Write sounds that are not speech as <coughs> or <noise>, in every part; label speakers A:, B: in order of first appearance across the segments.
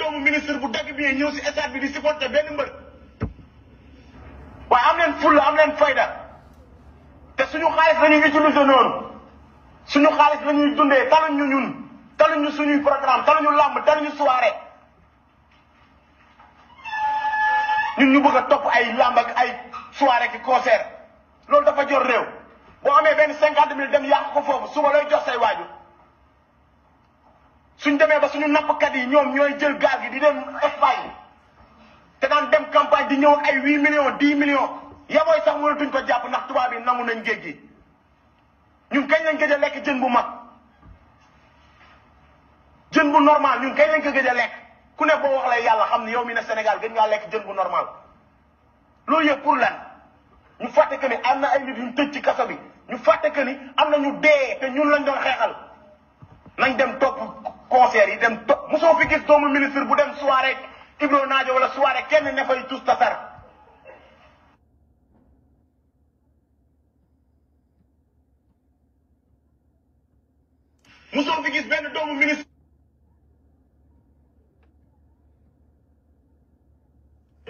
A: doomu ministre bu dagg bi ñëw si stade bi di supporter benn mbër waaye am leen fulla am leen fayda te suñu xaalis la ñuy utiliser noonu suñu xaalis la ñuy dundee taluñu ñun taluñu suñuy programme taluñu làmb taluñu soirée ñun ñu bëgg a topp ay làmb ak ay soirée ki concert loolu dafa jor réew boo amee benn cinquante mille dem yàq ko foofu suba looy jox say waajur suñ demee ba suñu nappkat yi ñoom ñooy jël gaal gi di dem Espagne te daan dem campagne di ñëw ay wii millions dix millions yabooy sax mënatuñ ko jàpp ndax tubaab yi nangu nañ géej gi ñun kañ lañ gëj a lekk jën bu mag jën bu normal ñun kañ lañ ko lekk ku ne boo wax lay yàlla yow mi ne Sénégal gën ngaa lekk jën bu loolu yëpp pour lan ñu fàtte ni am na ay nit ñu tëj ci kaso bi ñu fàtte que ni am na ñu dee te ñun lañ doon xeexal nañ dem topp concert yi dem to mosoo fi gis doomu ministre bu dem soirée Ibro Naajo wala soirée kenn ne fay tus tasar mosoo fi gis benn doomu ministre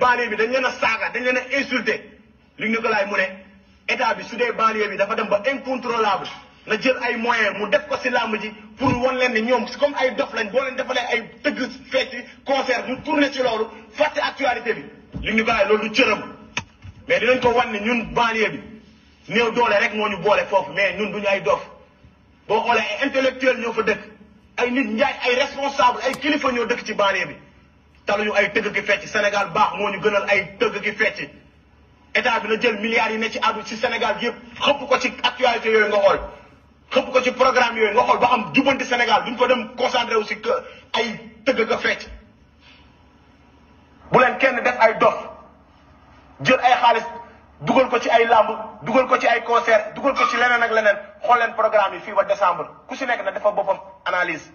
A: banlieue bi dañ leen a saaga dañ leen a insulté li ñu ko laay mu ne état bi su dee banlieue bi dafa dem ba incontrôlable na jël ay moyens mu def ko si làmb ji pour wan leen ni ñoom comme ay dof lañ boo leen defalee ay tëgg fecc concert mu tourné ci loolu fàtte actualité bi. li ñu bàyyi loolu cëram mais dinañ ko wan ni ñun banlieue bi néew doole rek moo ñu boole foofu mais ñun duñu ay dof boo xoolee ay intellectuel ñoo fa dëkk ay nit njaay ay responsable ay kilifa ñoo dëkk ci banlieue bi. taluñu ay tëgg ki fecc Sénégal baax moo ñu gënal ay tëgg ki fecc état bi na jël milliards yi ne ci àddu ci Sénégal yëpp xëpp ko ci actualité yooyu nga xool. xëpp ko ci programme yooyu nga xool ba xam jubanti Sénégal duñ ko dem concentré wu si que ay tëgg ka fecc bu leen kenn def ay dof jël ay xaalis dugal ko ci ay làmb dugal ko ci ay concert dugal ko ci leneen ak leneen xool leen programme yi fii ba décembre ku si nekk na dafa boppam analyse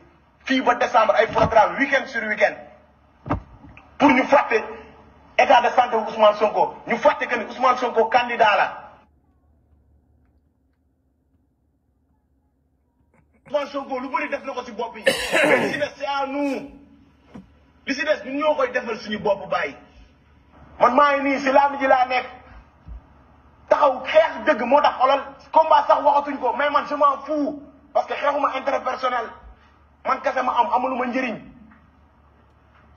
A: fii ba décembre ay programme weekend sur weekend pour ñu fàtte état de santé wu Ousmane Sonko ñu fàtte que ni Ousmane Sonko candidat la Ousmane Sonko lu bëri def na ko si bopp yi mais si des c'est à nous li si des def ñoo koy defal suñu bopp man maa ngi nii si laami ji laa nekk taxaw xeex dëgg moo tax xolal combat sax waxatuñ ko mais man je m'en fous parce que ma intérêt personnel man kese ma am amuluma njëriñ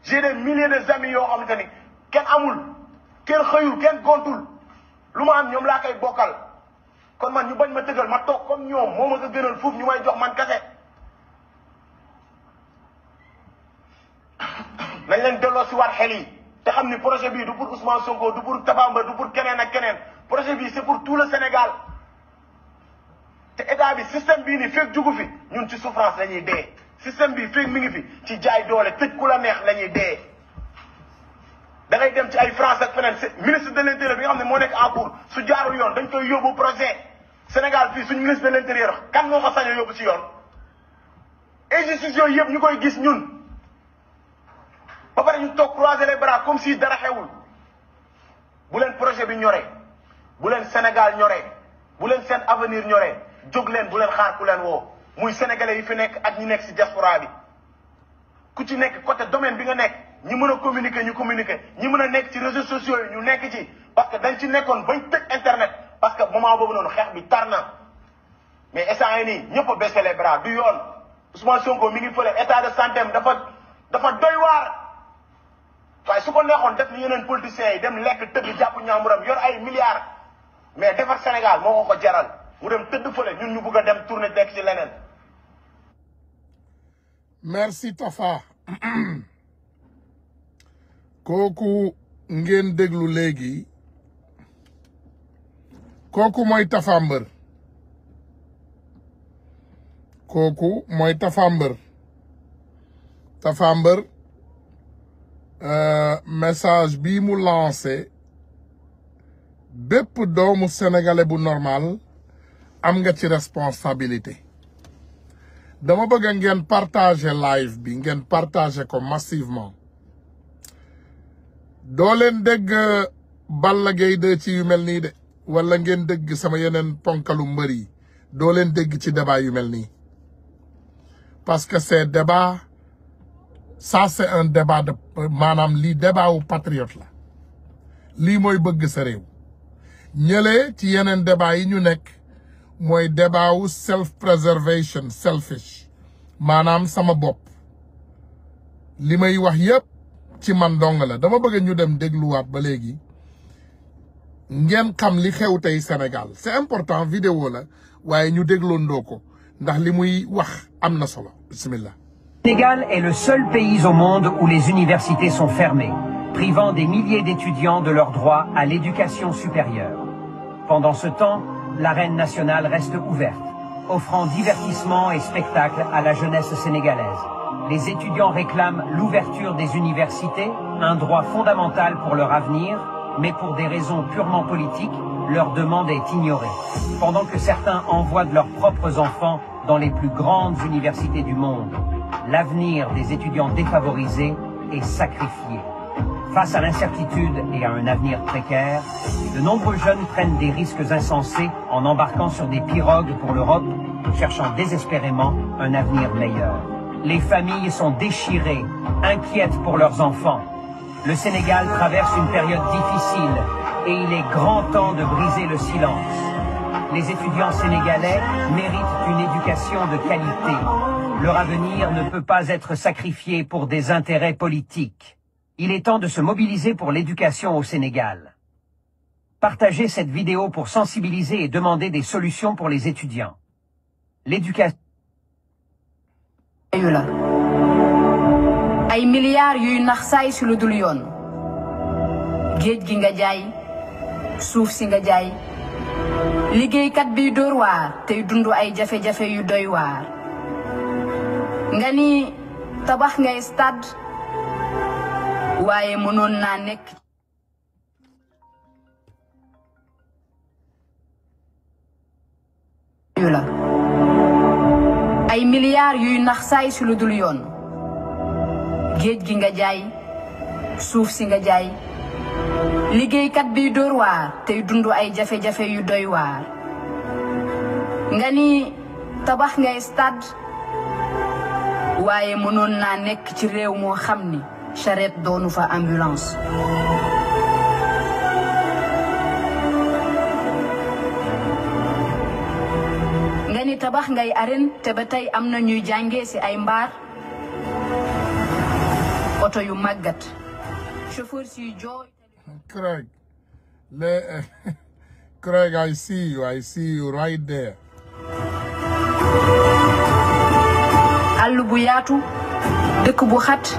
A: j'ai des milliers de amis yoo xam te ni kenn amul kenn xëyul kenn gontul lu ma am ñoom laa koy bokkal kon man ñu bañ ma tëgal ma toog comme ñoom moo ma a gënal fuuf ñu ma jox man kase <coughs> nañ leen delloo si war xel te xam ni projet bii du pour Ousmane Sonko du pour keneen ak keneen projet bii c'est pour tout le Sénégal te état bi système bii nii fekk jugu fi ñun ci souffrance la ñuy dee système bii fekk mi ngi fi ci jaay doole tëj ku la neex la ñuy dee da ngay dem ci ay France ak feneen ministre de l'intérieur bi nga am ne moo nekk en cours su jaarul yoon dañ koy yóbbu projet Sénégal fii suñu ministre de l' intérieur kan moo ko sañoo yóbbu si yoon injustice yooyu yëpp ñu koy gis ñun ba pare ñu toog croiser les bras comme si dara xewul bu leen projet bi ñoree bu leen Sénégal ñoree bu leen seen avenir ñoree jóg leen bu leen xaar ku leen woo muy sénégalais yi fi nekk ak ñi nekk si diaspora bi ku ci nekk côté domaine bi nga nekk ñi mën a communiquer ñu communiquer ñi mën a nekk ci réseaux sociaux ñu nekk ci parce que dañ ci nekkoon bañ tëj internet. parce que moment bobu non xex bi tarna mais état yi ni ñepp a baissé les bras du yoon Ousmane Sonko mi ngi fële état de santé dafa dafa doy war waaye su ko neexon def ni yeneen politiciens yi dem lek teug japp ñamuram yor ay milliards mais défar Sénégal moko ko jaral mu dem teud fële ñun ñu bëgg dem tourner tek ci lenen
B: merci Tafa <clears throat> koku ngeen deglu léegi. kooku mooy Tapha kooku mooy Tapha Mbeur Tapha euh, message bi mu lancé bépp doomu sénégalais bu normal am nga ci responsabilité dama bëgg ngeen partager live bi ngeen partager ko massivement doo leen dégg Balla Gaye 2 yu mel nii de wala ngeen dégg sama yeneen ponkalu mbër yi doo leen dégg ci débat yu mel nii parce que ces débats ça c'est un débat de maanaam lii débat wu patriote la lii mooy bëgg sa réew ci yeneen débat yi ñu nekk mooy débat wu self preservation selfish maanaam sama bopp li may wax yëpp ci man dong la dama bëgg ñu dem dégluwaat ba léegi ngem kam li xew c'est important vidéo la waye ñu déglon ndoko ndax li wax amna solo bismillah.
C: Sénégal est le seul pays au monde où les universités sont fermées, privant des milliers d'étudiants de leur droit à l'éducation supérieure. Pendant ce temps, l'arène nationale reste ouverte, offrant divertissement et spectacle à la jeunesse sénégalaise. Les étudiants réclament l'ouverture des universités, un droit fondamental pour leur avenir, mais pour des raisons purement politiques, leur demande est ignorée. Pendant que certains envoient de leurs propres enfants dans les plus grandes universités du monde, l'avenir des étudiants défavorisés est sacrifié. Face à l'incertitude et à un avenir précaire, de nombreux jeunes prennent des risques insensés en embarquant sur des pirogues pour l'Europe, cherchant désespérément un avenir meilleur. Les familles sont déchirées, inquiètes pour leurs enfants, le Sénégal traverse une période difficile et il est grand temps de briser le silence. Les étudiants sénégalais méritent une éducation de qualité. Leur avenir ne peut pas être sacrifié pour des intérêts politiques. Il est temps de se mobiliser pour l'éducation au Sénégal. Partagez cette vidéo pour sensibiliser et demander des solutions pour les étudiants. L'éducation...
D: ay milliards yuy nax saay si lu dul yoon geej gi nga jaay suuf si nga jaay kat bi door tey dundu ay jafé jafé yu doy waar nga ni tabax ngay stade waye mënon na nek ay milliards yuy nax yoon geej gi nga jaay suuf si nga jaay kat bi door waar tey dund ay jafe-jafe yu doy waar nga ni tabax ngay stade waaye mënoon naa nekk ci réew moo xam ni charrette doonu fa ambulance nga ni tabax ngay arène te ba tey am na ñuy jàngee ci ay mbaar oto yu màggat
B: <laughs> Craig I see you I see you right there
D: àll bu yaatu dëkk bu xat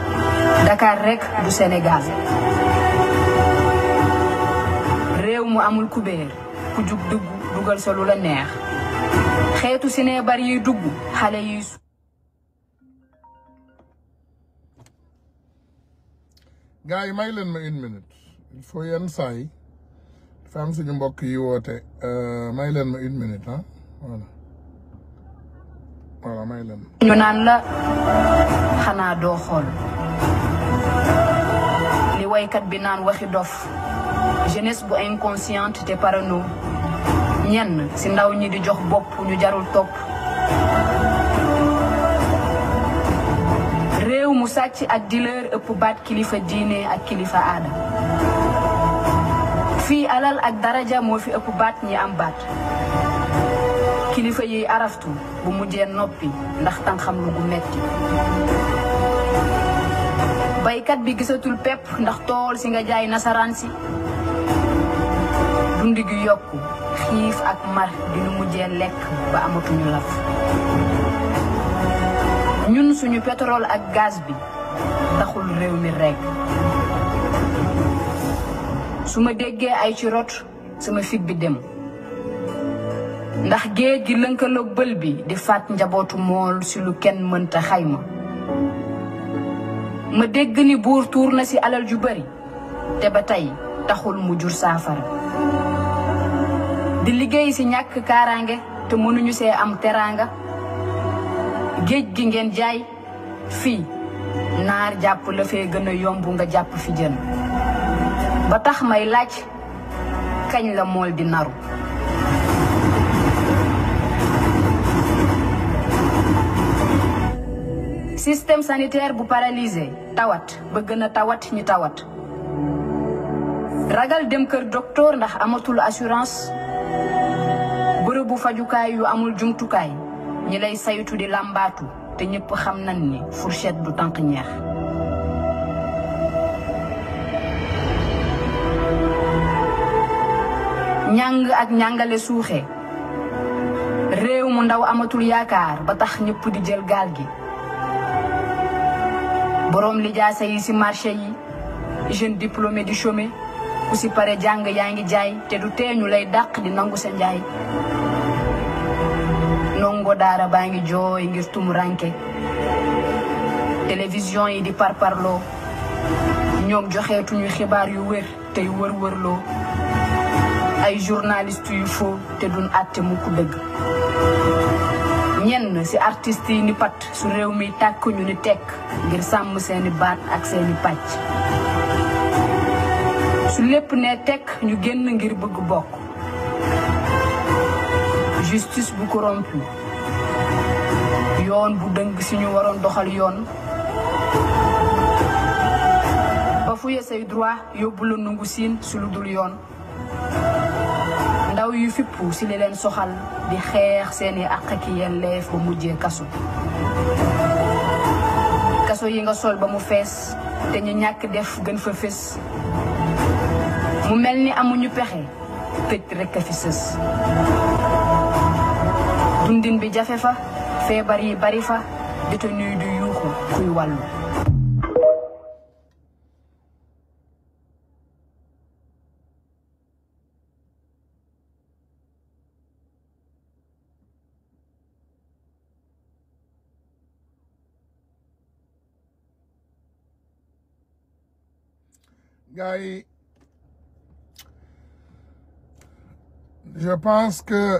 D: Dakar rek du Sénégal réew mu amul kubéer ku jug dugg dugal sa la neex xeetu si ne bari yiy dugg xale yiy
B: gars yi may leen ma une minute il faut yenn saa yi dafa am suñu mbokk yi woote euh, may leen
D: ma une minute ah voilà voilà may leen. ñu naan la xanaa doo li waykat bi naan waxi dof jeunesse bu inconsciente te parano ñenn si ndaw ñi di jox bopp ñu jarul topp. rew mu sacc ak di leur ëpp baat kilifa diine ak kilifa aada fi alal ak daraja mo fi ëpp baat ñi am baat kilifa yi araftu bu mujjee noppi ndax tan xam lu gu metti baykat bi gisatul pep ndax tol si nga jaay nasaran si dundigu yokku xif ak mar di nu mujjee lek ba ñu laf ñun suñu pétrole ak gaas bi taxul réew mi rekk su ma déggee ay ci rot sama fit bi dem ndax géej gi lënkaloog bël bi di faat njabootu mool si lu kenn mënta xayma ma dégg ni buur tuur na ci alal ju bari te ba tey taxul mu jur saafara di liggéey ci ñàkk kaaraange te mënuñu see am teraanga géej gi ngeen jaay fii naar jàpp la fee gën a yomb nga jàpp fi jën ba tax may laaj kañ la mool di naru système sanitaire bu paralysé tawat ba gën a tawat ñi tawat ragal dem kër doktoor ndax amatul assurance bërëb bu fajukaay yu amul jumtukaay ñi lay sayutu di lambatu, te ñepp xam nañ ni fourchette du tank ñeex ñang ak ñangalé suxé réew mu ndaw amatul yaakar ba tax ñepp di jël gal gi li jaasé yi ci marché yi jeune diplômé di chômé ku ci pare jang yaangi jaay té du téñu lay dakk di nangu sa jaay nongo dara bangi jo jooy tum ranke télévision yi di parparloo ñoom ñu xibaar yu wér tey wër-wërloo ay journaliste yu fo te duñ mu ko dëgg ñenn ci artiste yi ni pat su rew mi tak ñu ni tek ngir sam seen baat ak seen patch su lepp ne tek ñu genn ngir bëgg bokk justice bu corrompu yoon bu dëng si ñu waroon doxal yoon ba fuye say droit yóbbu la nungu siin su lu dul yoon ndaw yu fippu si li leen soxal di xeex seeni àq ki yeen ba mujjee kasu kaso yi nga sol ba mu fees te ñu ñàkk def gën fa fés mu mel amuñu pexe tëj dundin bi jafe fa yi bari fa détenu du
E: yuuxu kuy wàllu
B: je pense que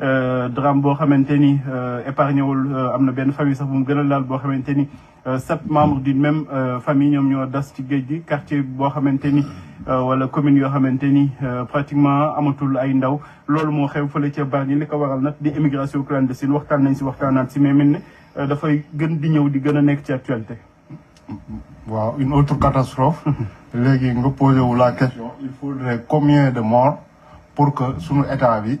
F: Euh, drame boo euh, épargné wul euh, am benn famille sax bu mu laal sept membres d'une même famille ñom ñoo das ci géej quartier bo xamanteni wala commune yo xamanteni pratiquement amatul ay ndaw loolu mo xew fële ci Bargny li ko waral nak di émigration clandestine waxtan nañ ci waxtaanaat ci mais mel ne gën di ñëw di gëna nekk ci actualité. waaw une autre
E: catastrophe. léegi nga posé la question il faudrait combien de morts pour que sunu état bi.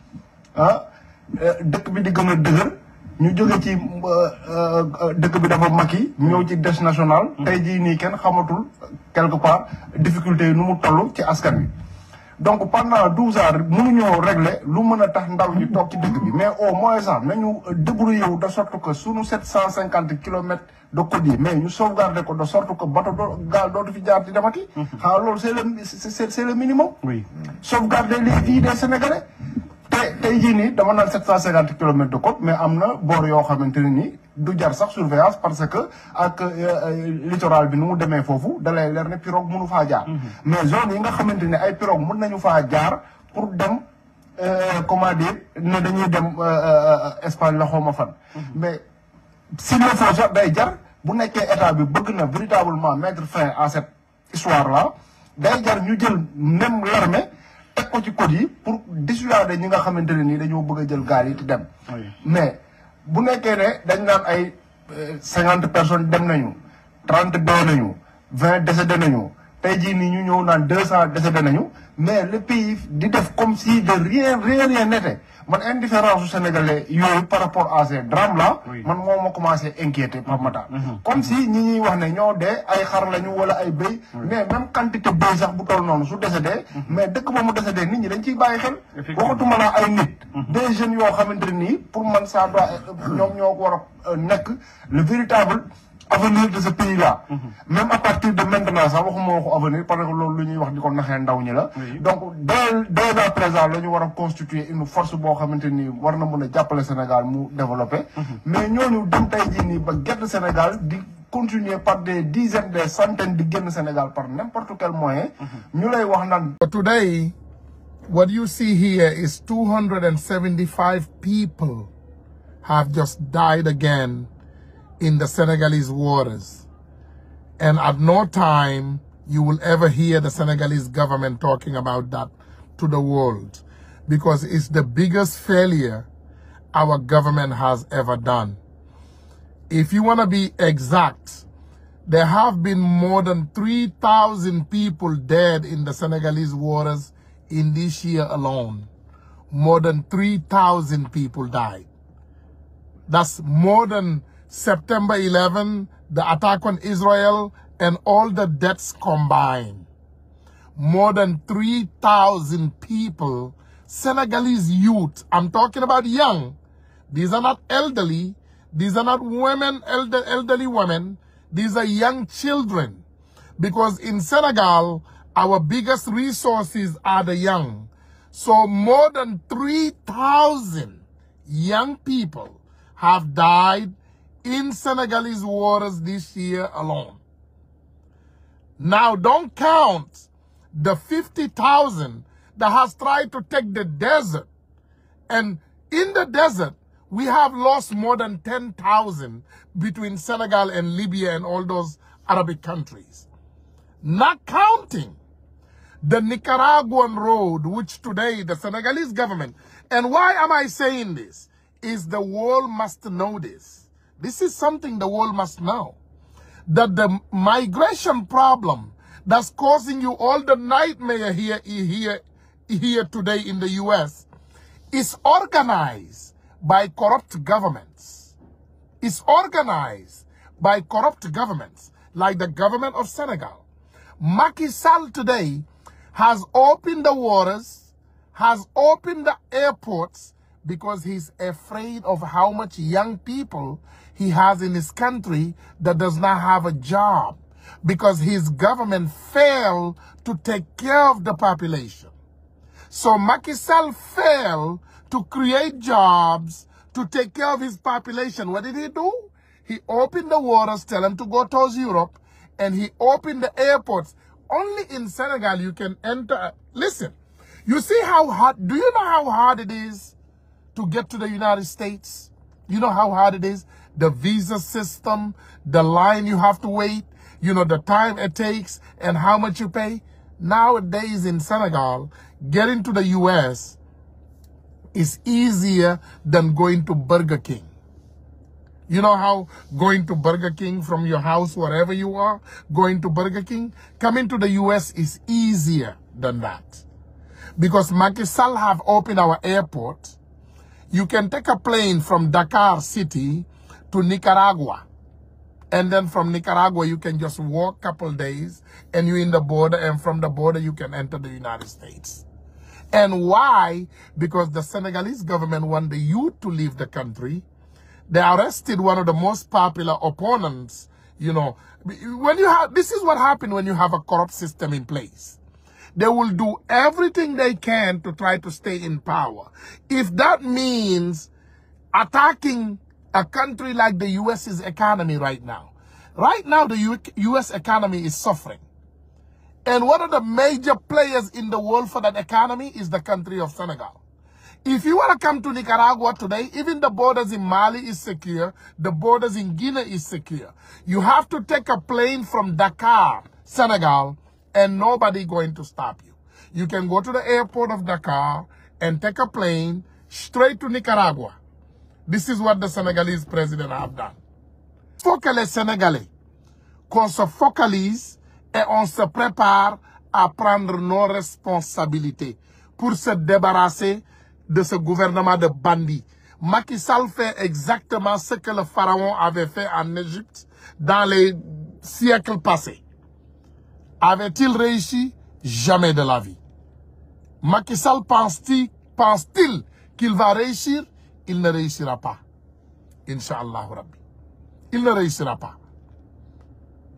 E: ah eh, dëkk bi di gën a dëgër ñu jóge ci eh, eh, dëkk bi dafa makki ñëw ci des national mm-hmm. tey jii nii kenn xamatul quelque part difficulté yi nu mu toll ci askan wi donc pendant mu ans mënuñoo régler lu mën a tax ndaw ñu toog ci dëkk bi mais au moins sax nañu débrouiller wu de sorte que sunu sept cent cinquante kilomètres de côte yi mais ñu sauvegarder ko de sorte que bato do gaal dootu fi jaar di demati. Mm-hmm. xaaral loolu c'est le c'est le minimum. oui sauvegarder les vies des te tey jii nii dama naan sept cent cinquante kilomètres de côte mais am na boor yoo xamante ne nii du jar sax surveillance parce que ak euh, euh, littoral bi nu mu demee foofu dalay leer ne pirogue mënu faa jaar mhm. mais zone yi nga xamante ne ay pirogue mën nañu faa jaar pour dem euh, comment dire ne dañuy dem Espagne la xawma fan mhm. mais si le faut sax day jar bu nekkee état bi bëgg na véritablement mettre fin à cette histoire la day jar ñu jël même l'armée teg ko ci code yi pour dissuader ñi nga xamante ne nii dañoo bëgg a jël gaal yi te dem. mais bu nekkee ne dañ naan ay euh, cinquante personnes dem nañu trente doo nañu vingt décédé nañu. tey jii nii ñu ñëw naan deux cent décédé nañu mais le pays di def comme si de rien rien rien n'était man indifférence su sénégalais yooyu par rapport à ces drames man moo ma commencé inquiéter Pape Matar. Mhm. comme mhm. si ñi ñuy wax ne ñoo de ay xar lañu wala ay béy. mais même quantité béy sax bu toll noonu su décédé. Mhm. mais dëkk ba mu décédé nit ñi dañ ciy bàyyi xel. waxatuma laa ay nit. des jeunes yoo xamante ne nii pour man ça doit ñoom ñoo war a euh, nekk le véritable. avenir de ce pays là. Mhm. même à partir de maintenant sax waxuma waxu avenir parce que loolu lu ñuy wax di ko naxee ndaw ñi la. donc dès dès à présent la ñu war a constituer une force boo xamante ni war na mën a jàppale Sénégal mu développé. Mhm. mais ñooñu dem tey jii nii ba gerte Sénégal di. continuer par des dizaines des centaines de Guinean sénégal par n'importe quel moyen. Mhm. ñu lay wax naan. Today, what you see here is
B: 275 people have just died again in the Senegalese waters. And at no time you will ever hear the Senegalese government talking about that to the world because it's the biggest failure our government has ever done. If you want to be exact, there have been more than 3,000 people dead in the Senegalese waters in this year alone. More than 3,000 people died. That's more than September 11, the attack on Israel, and all the deaths combined. More than 3,000 people, Senegalese youth, I'm talking about young. These are not elderly. These are not women, elder, elderly women. These are young children. Because in Senegal, our biggest resources are the young. So more than 3,000 young people have died in Senegalese waters this year alone. Now, don't count the 50,000 that has tried to take the desert. And in the desert, we have lost more than 10,000 between Senegal and Libya and all those Arabic countries. Not counting the Nicaraguan road, which today the Senegalese government, and why am I saying this? Is the world must know this this is something the world must know. That the migration problem that's causing you all the nightmare here, here, here today in the U.S. is organized by corrupt governments. It's organized by corrupt governments, like the government of Senegal. Macky Sall today has opened the waters, has opened the airports, because he's afraid of how much young people he has in his country that does not have a job because his government failed to take care of the population. So Macky Sall failed to create jobs to take care of his population. What did he do? He opened the waters, tell him to go towards Europe, and he opened the airports. Only in Senegal you can enter. Listen, you see how hard, do you know how hard it is to get to the United States? You know how hard it is? the visa system, the line you have to wait, you know, the time it takes and how much you pay. Nowadays in Senegal, getting to the U.S. is easier than going to Burger King. You know how going to Burger King from your house, wherever you are, going to Burger King, coming to the U.S. is easier than that. Because Macky Sall have opened our airport. You can take a plane from Dakar City to Nicaragua. And then from Nicaragua, you can just walk a couple days and you're in the border. And from the border, you can enter the United States. And why? Because the Senegalese government want the youth to leave the country. They arrested one of the most popular opponents. You know, when you have, this is what happened when you have a corrupt system in place. They will do everything they can to try to stay in power. If that means attacking a country like the US's economy right now. Right now, the US economy is suffering. And one of the major players in the world for that economy is the country of Senegal. If you want to come to Nicaragua today, even the borders in Mali is secure. The borders in Guinea is secure. You have to take a plane from Dakar, Senegal, and nobody going to stop you. You can go to the airport of Dakar and take a plane straight to Nicaragua. This is what the Senegalese president have Faut que les Sénégalais, qu'on se focalise et on se prépare à prendre nos responsabilités pour se débarrasser de ce gouvernement de bandits. Macky Sall fait exactement ce que le pharaon avait fait en Égypte dans les siècles passés. Avait-il réussi Jamais de la vie. Macky Sall pense-t-il pense qu'il va réussir il ne réussira pas. Inch'Allah Rabbi. Il ne réussira pas.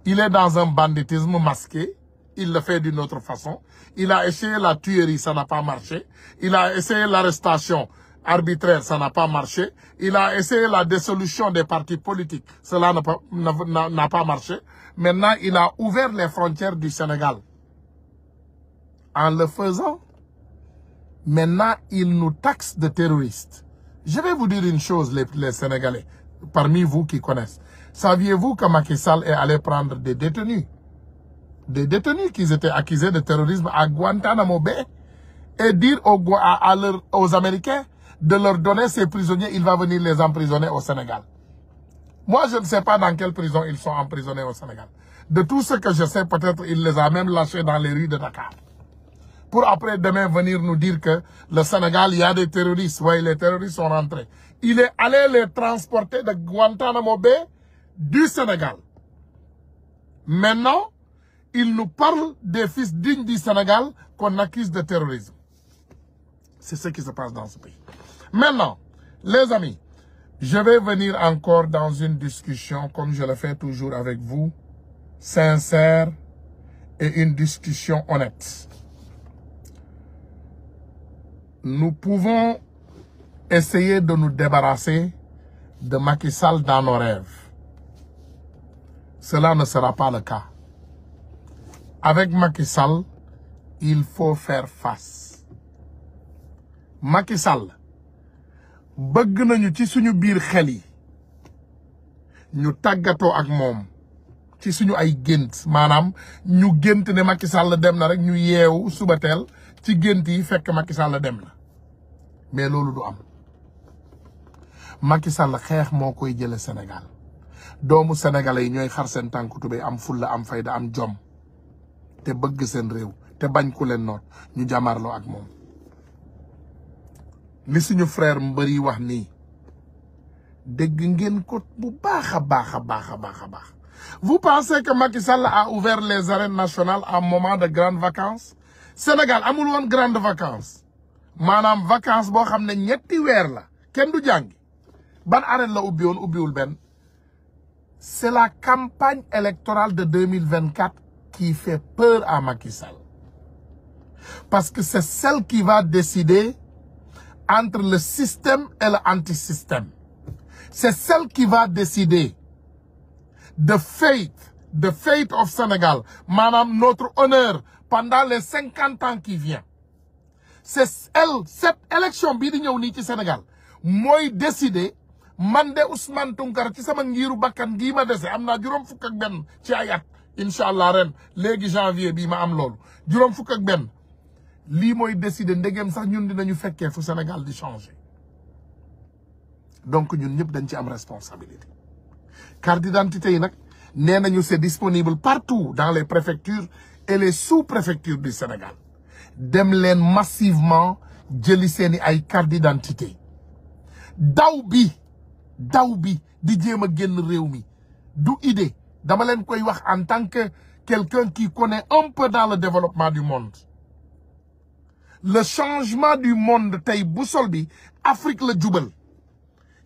B: Il est dans un banditisme masqué. Il le fait d'une autre façon. Il a essayé la tuerie, ça n'a pas marché. Il a essayé l'arrestation arbitraire, ça n'a pas marché. Il a essayé la dissolution des partis politiques. Cela n'a pas marché. Maintenant, il a ouvert les frontières du Sénégal. En le faisant, maintenant, il nous taxe de terroristes. Je vais vous dire une chose, les, Sénégalais, parmi vous qui connaissent. Saviez-vous que Macky Sall est allé prendre des détenus Des détenus qui étaient accusés de terrorisme à Guantanamo Bay et dire aux, aux Américains de leur donner ces prisonniers, il va venir les emprisonner au Sénégal. Moi, je ne sais pas dans quelle prison ils sont emprisonnés au Sénégal. De tout ce que je sais, peut-être il les a même lâchés dans les rues de Dakar pour après demain venir nous dire que le Sénégal, il y a des terroristes. Oui, les terroristes sont rentrés. Il est allé les transporter de Guantanamo Bay du Sénégal. Maintenant, il nous parle des fils dignes du Sénégal qu'on accuse de terrorisme. C'est ce qui se passe dans ce pays. Maintenant, les amis, je vais venir encore dans une discussion, comme je le fais toujours avec vous, sincère et une discussion honnête nous pouvons essayer de nous débarrasser de Macky Sall dans nos rêves. Cela ne sera pas le cas. Avec Macky Sall, il faut faire face. Macky Sall bëgg nañu ci suñu biir xel yi ñu tagato ak mom ci suñu ay manam ñu ne Macky Sall dem na rek ñu ci gént yi fekk Macky Sall dem la mais loolu du am Macky Sall xeex moo koy jël Sénégal doomu sénégalais ñoy xar sen tànk tubéy am fulla am fayda am jom te bëgg sen réew te bañ ku leen noot ñu jàmmarloo ak mom li suñu frère mbëri wax ni dégg ngeen ko bu baaxa baaxa baaxa baaxa baax vous pensez que Macky Sall a ouvert les arènes nationales à moment de grandes vacances Sénégal amul une grande vacances Manam vacances bo xamné ñetti wër la kenn du ban arène la c'est la campagne électorale de 2024 qui fait peur à Macky Sall parce que c'est celle qui va décider entre le système et l'antisystème c'est celle qui va décider the fate the fate of Sénégal manam notre honneur pendant les 50 ans qui vient c'est elle cette élection bii di ñëw nii ci Sénégal moi décider man de Ousmane Tounkara ci sama ngiiru bakkan gii ma dese am naa juróom fukk ak benn ci ay ren léegi janvier bii ma am loolu juróom fukk ak li moi décidé, décider ndegem sax ñun dinañu fait fu Sénégal di changer donc ñun ñëpp dañ ci am responsabilité carte d'identité yi nag nee c'est disponible partout dans les préfectures et les sous-préfectures du Sénégal dem massivement J'ai lissé une carte d'identité daw bi Didier bi di jéem idée en tant que quelqu'un qui connaît un peu dans le développement du monde le changement du monde tey boussole Afrique le jubal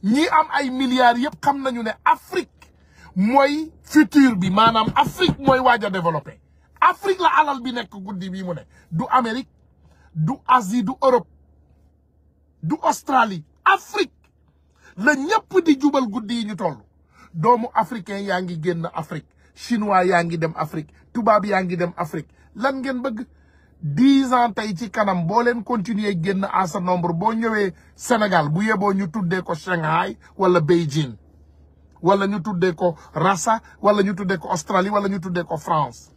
B: Ni am ay milliards yep kam nañu Afrique Moi futur bi manam Afrique nous sommes développer. Afrique la alal bi nek goudi bi mu ne du Amérique du Asie du Europe du Australie Afrique lenyapu ñepp di jubal goudi ñu tollu doomu africain yaa ngi génn Afrique chinois yaa ngi dem Afrique tubaab yaa dem Afrique lan ngeen bëgg 10 ans tay ci kanam bo leen continuer genn à sa nombre bo ñëwé Sénégal bu yébo ñu tuddé ko Shanghai wala Beijing wala ñu tuddé ko Rasa wala ñu tuddé ko Australie wala ñu tuddé ko France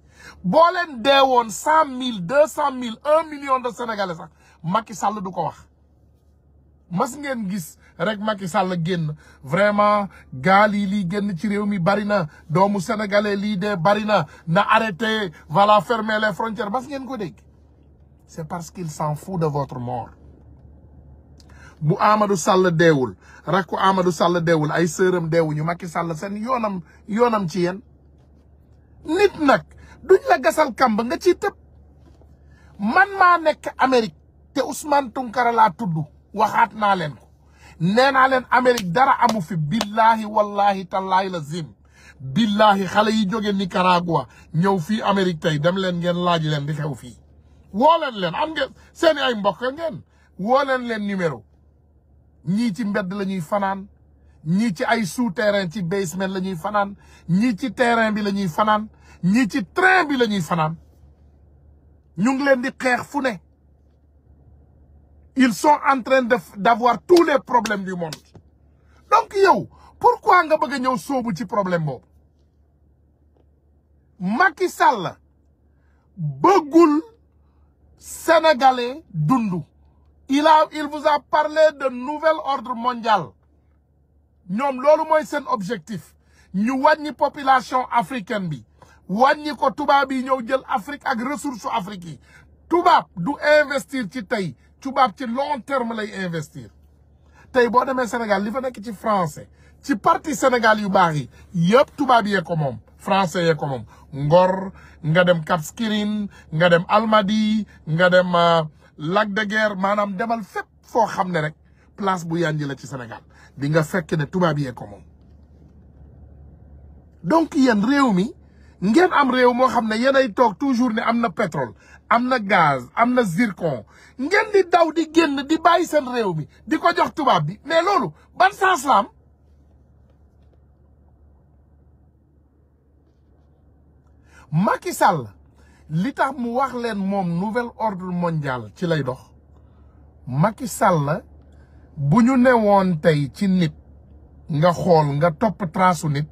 B: bolen dewon 100 000, 200 000, 1 million de sénégalais Macky Sall du ko wax mas ngeen gis rek Macky Sall génn vraiment gaal yi lii génn ci réew mi bari na doomu sénégalais li dee na na arrêté voilà fermer les frontières mas ngeen ko c'est parce qu'il s'en fout de votre mort bu Amadou Sall deewul rakku Amadou Sall deewul ay sëram ñu Macky Sall sen yonam yonam ci nit duñ la gasal kàmb nga ci tëb man maa nekk Amérique te Ousmane Tunkara laa tudd waxaat naa leen nee naa leen Amérique dara amu fi billahi wallahi tallahi lazim billahi xale yi jóge Nicaragua ñëw fii Amérique tey dem leen ngeen laaj leen di xew fii woo leen leen am ngeen seeni ay mbokk ngeen woo leen leen numéro ñii ci mbedd la fanaan Ni ci ay souterrain ci basement le ñuy ni ci terrain bi ni fanan ni ci train bi lañuy fanan. ñu ngi leen di xex fu ils sont en train d'avoir tous les problèmes du monde donc yow pourquoi nga bëgg a ñëw ci problème boobu Macky Sall beugul sénégalais dund il a il vous a parlé de nouvel ordre mondial ñoom loolu mooy seen objectif ñu wàññi population africaine bi wàññi ko tubaab yi ñëw jël Afrique ak ressource Afrique yi tubaab du investir ci tey tubaab ci long terme lay investir tey boo demee Sénégal li fa nekk ci français ci parti Sénégal yu baax yi yëpp tubaab yee ko moom français yee ko moom Ngor nga dem Cap Skirring nga dem Almadies nga dem euh, Lac de Guiers maanaam demal fépp foo xam ne rek place bu yànji la ci senegal bi nga fekk ne tubaab yee ko moom donc yéen réew mi ngeen am réew moo xam ne yéenay toog toujours ne am na pétrole am na gaz am na zircon ngeen di daw di génn di bàyyi seen réew mi di ko jox tubaab bi mais loolu ban sens la am Macky Sall li tax mu wax leen moom nouvel ordre mondial ci lay dox Macky Sall bu ñu woon tey ci nit nga xool nga topp trasu nit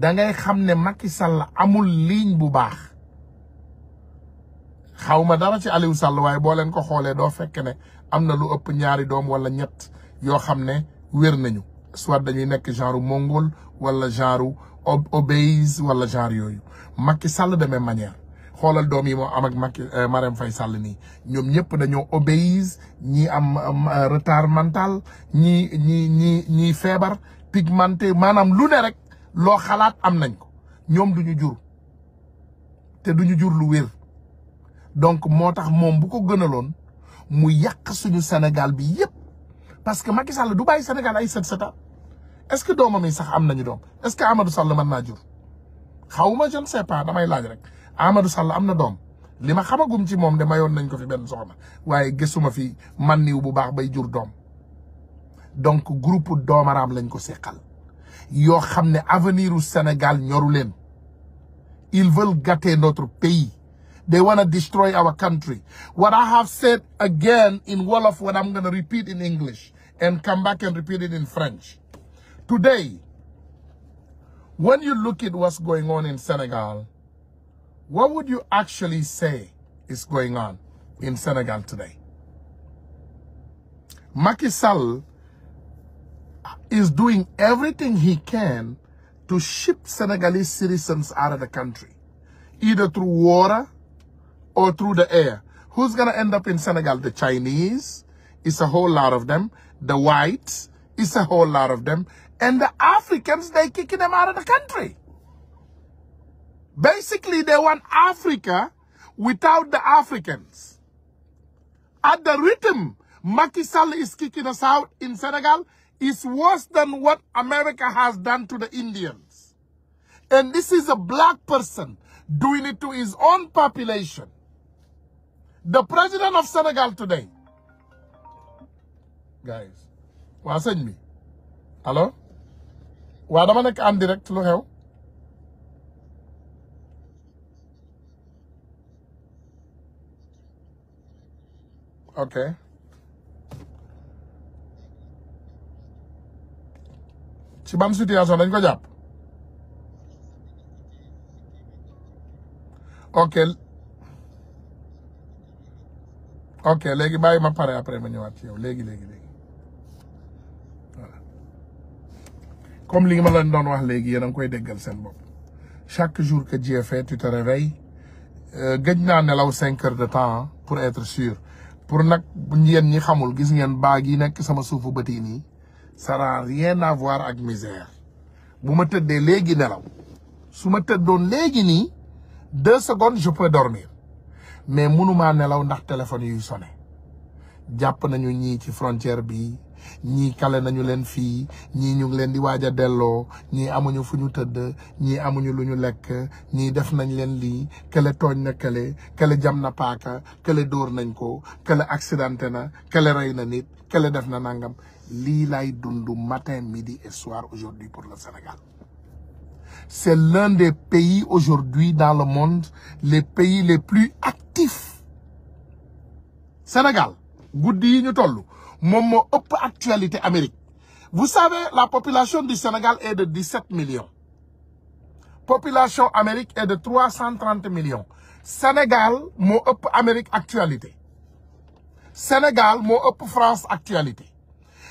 B: dangay xam ne Macky Sall amul ligne bu baax xaw ma dara ci Aliou Sall waaye boo leen ko xoolee doo fekk ne am na lu ëpp ñaari doom wala ñett yoo xam ne wér nañu soit dañuy nekk genre mongol wala genre obéis wala genre yooyu makki Sall de même xolal domi yi moo am ak marem eh, Marème Faye Sall nii ñoom ñëpp dañoo obéis ñi am eh, retard mental ñi ñi ñi ñi feber pigmenté manam lu ne rek lo xalaat am nañ ko ñom duñu jur te duñu jur lu wër donc motax mom bu ko gënalon mu yak suñu Sénégal bi yépp parce que Macky Sall du baye Sénégal ay sët est-ce que domami sax am nañu dom est-ce que Amadou Sall man na jur xawma je ne sais pas damay laaj rek Amadou Sall am na doom li ma xamagum ci moom de mayoon nañ ko fi benn soxna waaye gisuma fi man niw bu baax bay jur doom donc groupe doomaraam lañ ko seqal yoo xam ne avenir u Sénégal ñoru ils veulent gâter notre pays they want to destroy our country what I have said again in Wolof what I'm going to repeat in English and come back and repeat it in French today when you look at what's going on in Senegal what would you actually say is going on in Senegal today? Macky Sall is doing everything he can to ship Senegalese citizens out of the country, either through water or through the air. Who's going to end up in Senegal? The Chinese, it's a whole lot of them. The whites, it's a whole lot of them. And the Africans, they are kicking them out of the country. Basically, they want Africa without the Africans. At the rhythm Macky Sall is kicking us out in Senegal is worse than what America has done to the Indians. And this is a black person doing it to his own population. The president of Senegal today. Guys, waa me? Hello, allo waa dama nekk en direct to xew Okay. ci ban situation dañ ko jàpp. ok. ok légui bàyyi ma pare après ma ñëwaat ci yow Légui légui légui. voilà comme li ma leen doon wax légui yéen a koy déggal sen bop. chaque jour que Dieu fait tu te réveilles euh, gëj naa nelaw cinq heures de temps hein, pour être sûr. pour nag yéen ñi xamul gis ngeen baag yi nekk sama suufu bët nii ça n'a rien à ak misère bu ma tëddee léegi nelaw su ma tëddoon léegi nii deux secondes je peux dormir mais mënumaa nelaw ndax téléphone yuy sone jàpp nañu ñii ci frontière bi ni kalenañu len fi ni ñu ngi di waja a ni amuñu fuñu teud ni amuñu luñu lek ni def nañ len li kale tooñ na jam na paaka nañ ko nit def na nangam li lay dundu matin midi et soir aujourd'hui pour le Sénégal c'est l'un des pays aujourd'hui dans le monde les pays les plus actifs Sénégal ñu mon actualité Amérique vous savez la population du Sénégal est de 17 millions population Amérique est de 330 millions Sénégal mon up Amérique actualité Sénégal mon up France actualité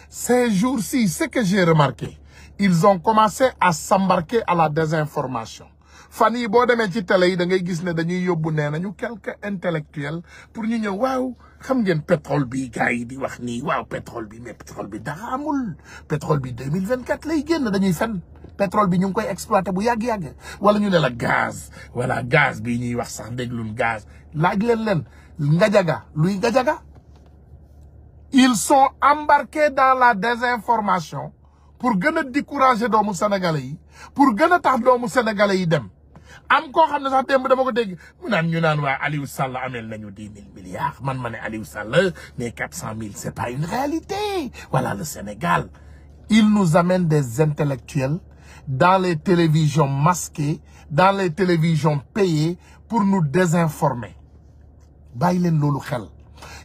B: ces jours-ci ce que j'ai remarqué ils ont commencé à s'embarquer à la désinformation fan yi bo demé ci télé yi da ngay gis né dañuy yóbbu né nañu quelques intellectuels pour ñu ñëw waaw xam ngeen pétrole bi gaay di wax ni waaw pétrole bi mais pétrole bi da amul pétrole bi 2024 lay génn dañuy fenn pétrole bi ñu ngi koy exploiter bu yàgg-yàgg wala ñu né la gaz wala gaz bi ñuy wax sax déglul gaz laaj leen leen jaga, luy jaga, ils sont embarqués dans la désinformation pour gëna décourager doomu sénégalais yi pour gëna tax doomu sénégalais yi dem am ko xam sax démb dama ko dégg mu naan ñu naan wa Aliou Sall amel nañu mille milliards man mané Aliou Sall né quatre cent c'est pas une réalité voilà le Sénégal il nous amène des intellectuels dans les télévisions masquées dans les télévisions payées pour nous désinformer bàyyi leen loolu xel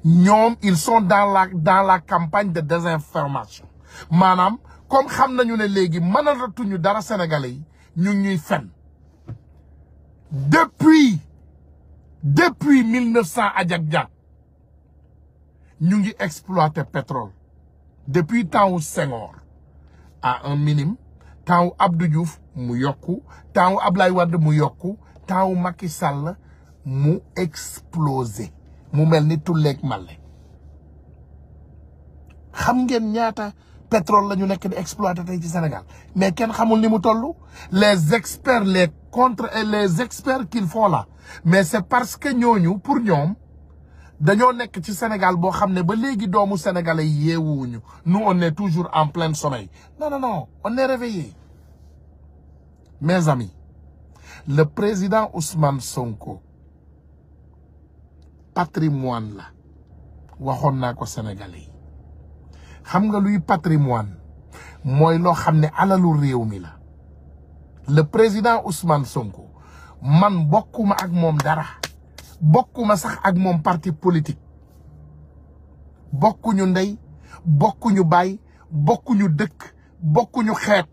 B: ñom ils sont dans la dans la campagne de désinformation manam comme xamnañu né légui léegi dara Sénégalais ñu ñuy fenn depuis depuis mille ñu ngi exploiter pétrole depuis temps wu Senghor à un minimum temps wu Abdou mu yokku temps wu Ablaye Wade mu yokku temps wu Macky mu explosé mu mel ni tulleeg male xam ngeen ñaata pétrole nous sommes nekk di exploité Sénégal mais qui sait ni mu toll les experts les contre et les experts qu'ils font là mais c'est parce que nous, pour nous, nous nekk au Sénégal nous on est toujours en plein sommeil non non non on est réveillés. mes amis le président Ousmane Sonko patrimoine la waxoon au sénégalais xam nga luy patrimoine moy lo xamné ne alalu réew mi la le président Ousmane Sonko man bokuma ak mom dara bokuma sax ak mom parti politique bokku ñu ndey bokku ñu bokkuñu baay bokkuñu dëkk ñu xeet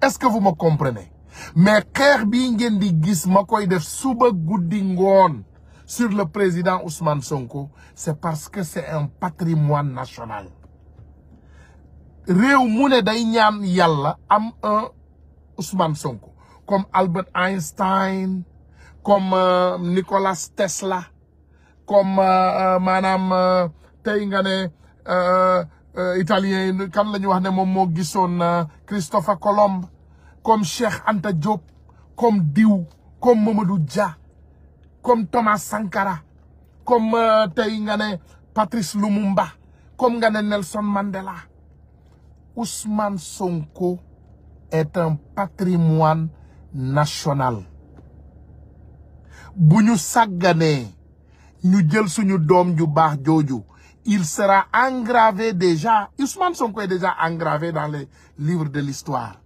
B: est-ce que vous me comprenez mais xeex bi ngeen di gis makoy def suba guddi ngoon sur le président Ousmane Sonko c'est parce que c'est un patrimoine national rew mu ne day ñaan yalla am un Ousmane Sonko comme Albert Einstein comme euh, Nicolas Tesla comme euh, euh, euh tay nga ne italien kan la ñu wax ne mo gissone euh, Christopher Colomb comme Cheikh Anta Diop comme Diou, comme Mamadou Dia comme Thomas Sankara comme tay nga ne Patrice Lumumba comme nga ne Nelson Mandela Ousmane Sonko est un patrimoine national ñu il sera engravé déjà Ousmane Sonko est déjà engravé dans les livres de l'histoire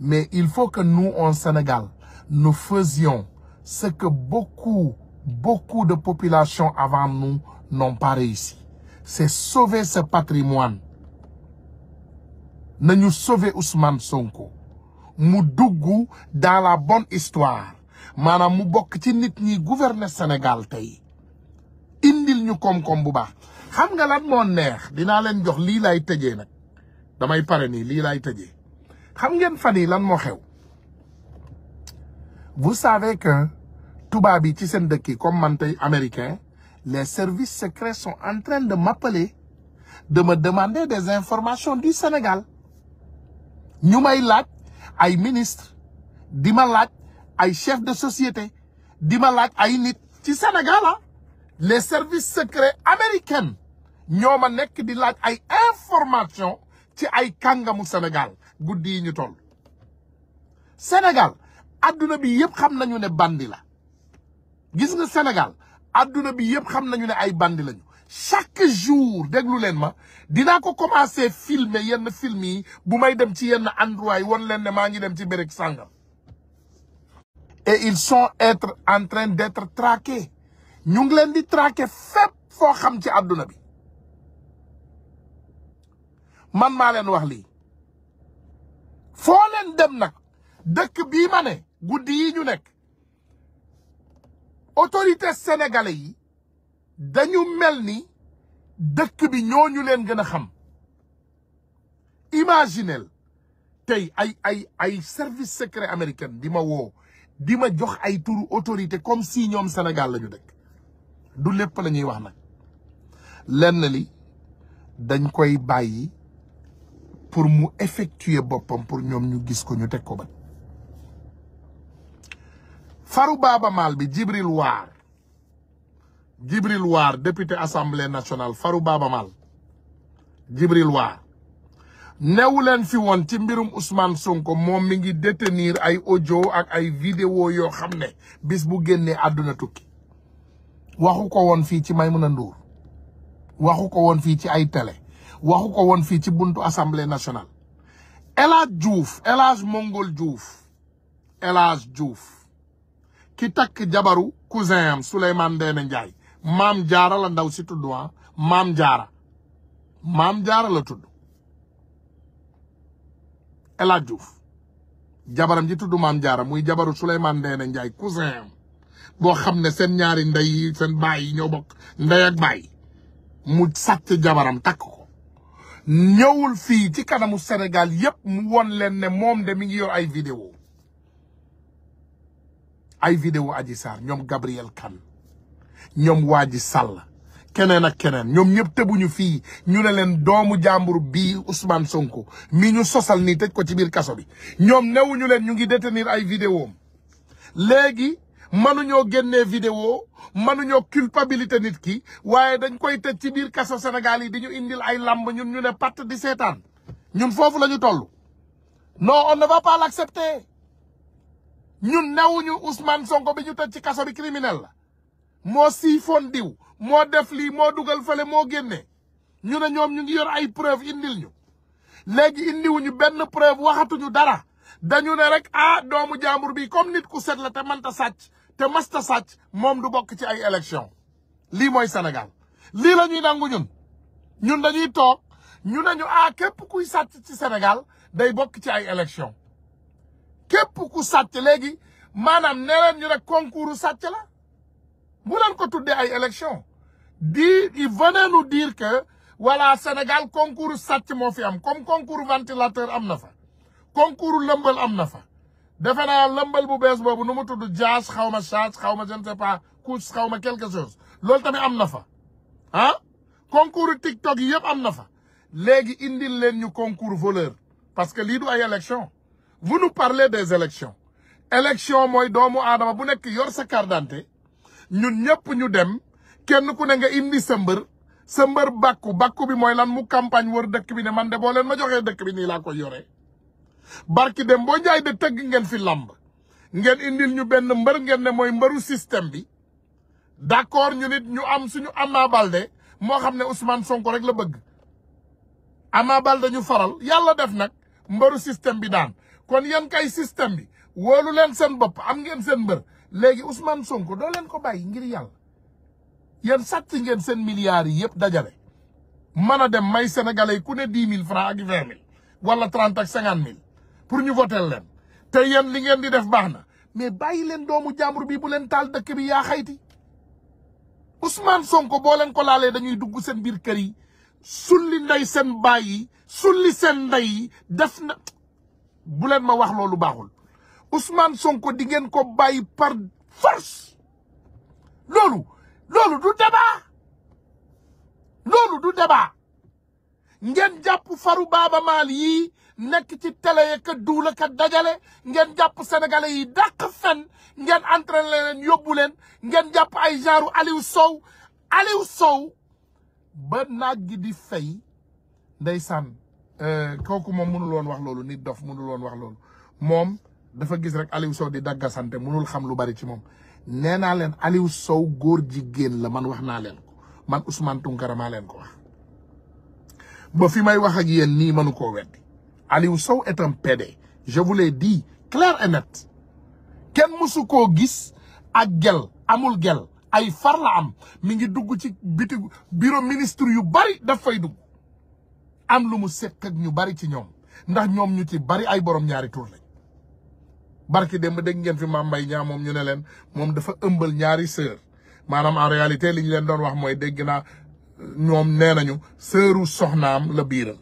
B: mais il faut que nous en Sénégal nous faisions ce que beaucoup beaucoup de populations avant nous n'ont pas réussi c'est sauver ce patrimoine nañu sauver Ousmane Sonko mu dugg dans la bonne histoire maanaam mu bok ci nit ñi gouverner Sénégal tay. indil ñu kom koom bu baax xam nga lan mo neex dina len jox li lay teje nak. damay paré ni li lay teje. xam ngeen fani lan mo xew vous savez que tubaab yi ci sen dëkk comme man tay américain les services secrets sont en train de m'appeler de me demander des informations du Sénégal ñu may laaj ay ministre dima laaj ay chef de société di ma laaj ay nit ci Sénégal ah service services secrets américains ñoo ma nekk di laaj ay information ci ay kàngamu Sénégal guddi yi ñu toll Sénégal adduna bi yëpp xam nañu ne bandi la gis nga Sénégal adduna bi yëpp xam nañu ne ay bandi lañu chaque jour que nous ma ko filmer film bu may dem ci endroit yi won ne et ils sont être en train d'être traqués ñu ngi di traquer fépp fo xam ci aduna bi man ma wax dem autorité sénégalais dañu mel ni dëkk bi ñoo ñu leen gën a xam imaginel tey ay ay ay service secret américain di ma woo di ma jox ay turu autorité comme si ñoom Sénégal la dëkk du lépp la ñuy wax nag lenn li dañ koy bàyyi pour mu effectuer boppam pour ñoom ñu gis ko ñu teg ko ba faru baaba maal bi Jibril Waar Djibril War député assemblée faru Farou Baba Mal Djibril War leen fi woon ci mbirum Ousmane Sonko moom mi ngi détenir ay audio ak ay vidéo yoo xam ne bis bu génnee àdduna tukki waxu ko woon fii ci Maïmouna Ndour waxu ko woon fii ci ay tele waxu ko woon fii ci buntu assemblée nationale El Hadj Diouf Mongol Diouf El juuf ki takk jabaru cousin am Souleymane Ndéné Ndiaye maam jaarala ndaw si tudd ah maam jaara maam jaara la tudd El Hadj jabaram ji tudd maam jaara muy jabaru Souleymane Ndéné Ndiaye cousin boo xam ne seen ñaari ndey seen baay yi ñoo bokk ndey ak baay mu sàcc jabaram takk ko ñëwul fii ci kanamu senegal yépp mu ne moom de mi ngi yor ay vidéo ay vidéo Adji ñoom Gabriel Kane ñoom waa ji sàll keneen ak keneen ñoom ñëpp tëbuñu fii ñu ne leen doomu jàmbur bii Ousmane Sonko mi ñu sosal nii tëj ko ci biir kaso bi ñoom newuñu leen ñu ngi détenir ay vidéo léegi mënuñoo génnee vidéo mënuñoo culpabilité nit ki waaye dañ koy tëj ci biir kaso Sénégal yi di ñu indil ay làmb ñun ñu ne patt di seetaan ñun foofu la ñu toll non on ne va pas l'accepter ñun newuñu Ousmane Sonko bi ñu tëj ci kaso bi criminel la moo siifoon diw moo def lii moo dugal fale moo génne ñu ne ñoom ñu ngi yor ay preuve indil ñu léegi indiwuñu benn preuve waxatuñu dara dañu ne rek ah doomu jàmbur bi comme nit ku set la te mënta sàcc te masta sàcc moom du bokk ci ay élection lii mooy senegal lii la ñuy nangu ñun ñun dañuy toog ñu ne ñu ah, képp kuy sàcc ci senegal day bokk ci ay élection képp ku sàcc léegi maanaam nee leen ñu rek concours sàcc la bu leen ko tuddee ay élection dit ils venaient nous dire que voilà Sénégal concours sàcc moo fi am comme concours ventilateur am na concours lëmbal am na fa defe naa lëmbal bu bees jazz xaw ma charge je ne sais pas couche xaw quelque chose loolu tamit am na ah concours TikTok yi yëpp am na fa indil leen ñu concours voleur parce que lii du ay élection vous nous parlez des élections élection mooy doomu aadama bu nekk yor sa carte ñun ñëpp ñu dem kenn ku ne nga indi sa mbër sa mbër bàkku bàkku bi moy lan mu campagne wër dëkk bi ne man de bo leen ma joxe dëkk bi ni la ko yoré barki dem bo jaay de tegg ngeen fi lamb ngeen indil ñu benn mbeur ngeen ne moy mbeuru système bi d'accord ñu nit ñu am suñu amma balde mo xamne Ousmane Sonko rek la bëgg amma balde ñu faral yalla def nak mbeuru système bi daan kon yeen kay système bi wolu leen seen bop am ngeen seen mbeur legi Ousmane Sonko do len ko bay ngir yàlla yeen sat ngeen sen milliards yep dajale mana dem may sénégalais ku ne 10000 francs ak 20000 wala 30 ak 50000 pour ñu voter len te yeen li ngeen di def baxna mais bàyyi len doomu jàmbur bi bu len tal dekk bi ya xeyti Ousmane Sonko bo len ko laalee dañuy dugg sen bir kër yi sulli ndey sen baay yi sulli sen ndey def na bu len ma wax lolu baxul Ousmane Sonko di ngeen ko bàyyi par force loolu loolu du débat loolu du débat ngeen jàpp faru baaba maal yii nekk ci télé ya ka duula ka dajale ngeen jàpp sénégalais yi dàq fen ngeen entraîné leen yóbbu leen ngeen jàpp ay genre Aliou Sow Aliou Sow ba naaj gi di fay ndeysaan euh, kooku moom mënul woon wax loolu nit dof mënul woon wax loolu moom dafa gis rek Aliou Sow di dagga sante mënul xam lu bari ci moom nee naa leen Aliou Sow góor jigéen la man wax naa leen ko man Ousmane Tounkara maa leen ko wax ba fi may wax ak yéen nii mënu koo weddi Aliou Sow est un PD je vous l'ai dit clair et net kenn mësu koo gis ak gel amul gel ay far la am mu ngi dugg ci biti bureau ministre yu bari daf fay am lu mu sekk ñu bari ci ñoom ndax ñoom ñu ci bari ay borom ñaari tur lañ barki démb dégg ngeen fi Mame Mbaye Niang moom ñu ne leen moom dafa ëmbal ñaari sœur maanaam en réalité li ñu leen doon wax mooy dégg naa ñoom nee nañu sœuru soxnaam la biiral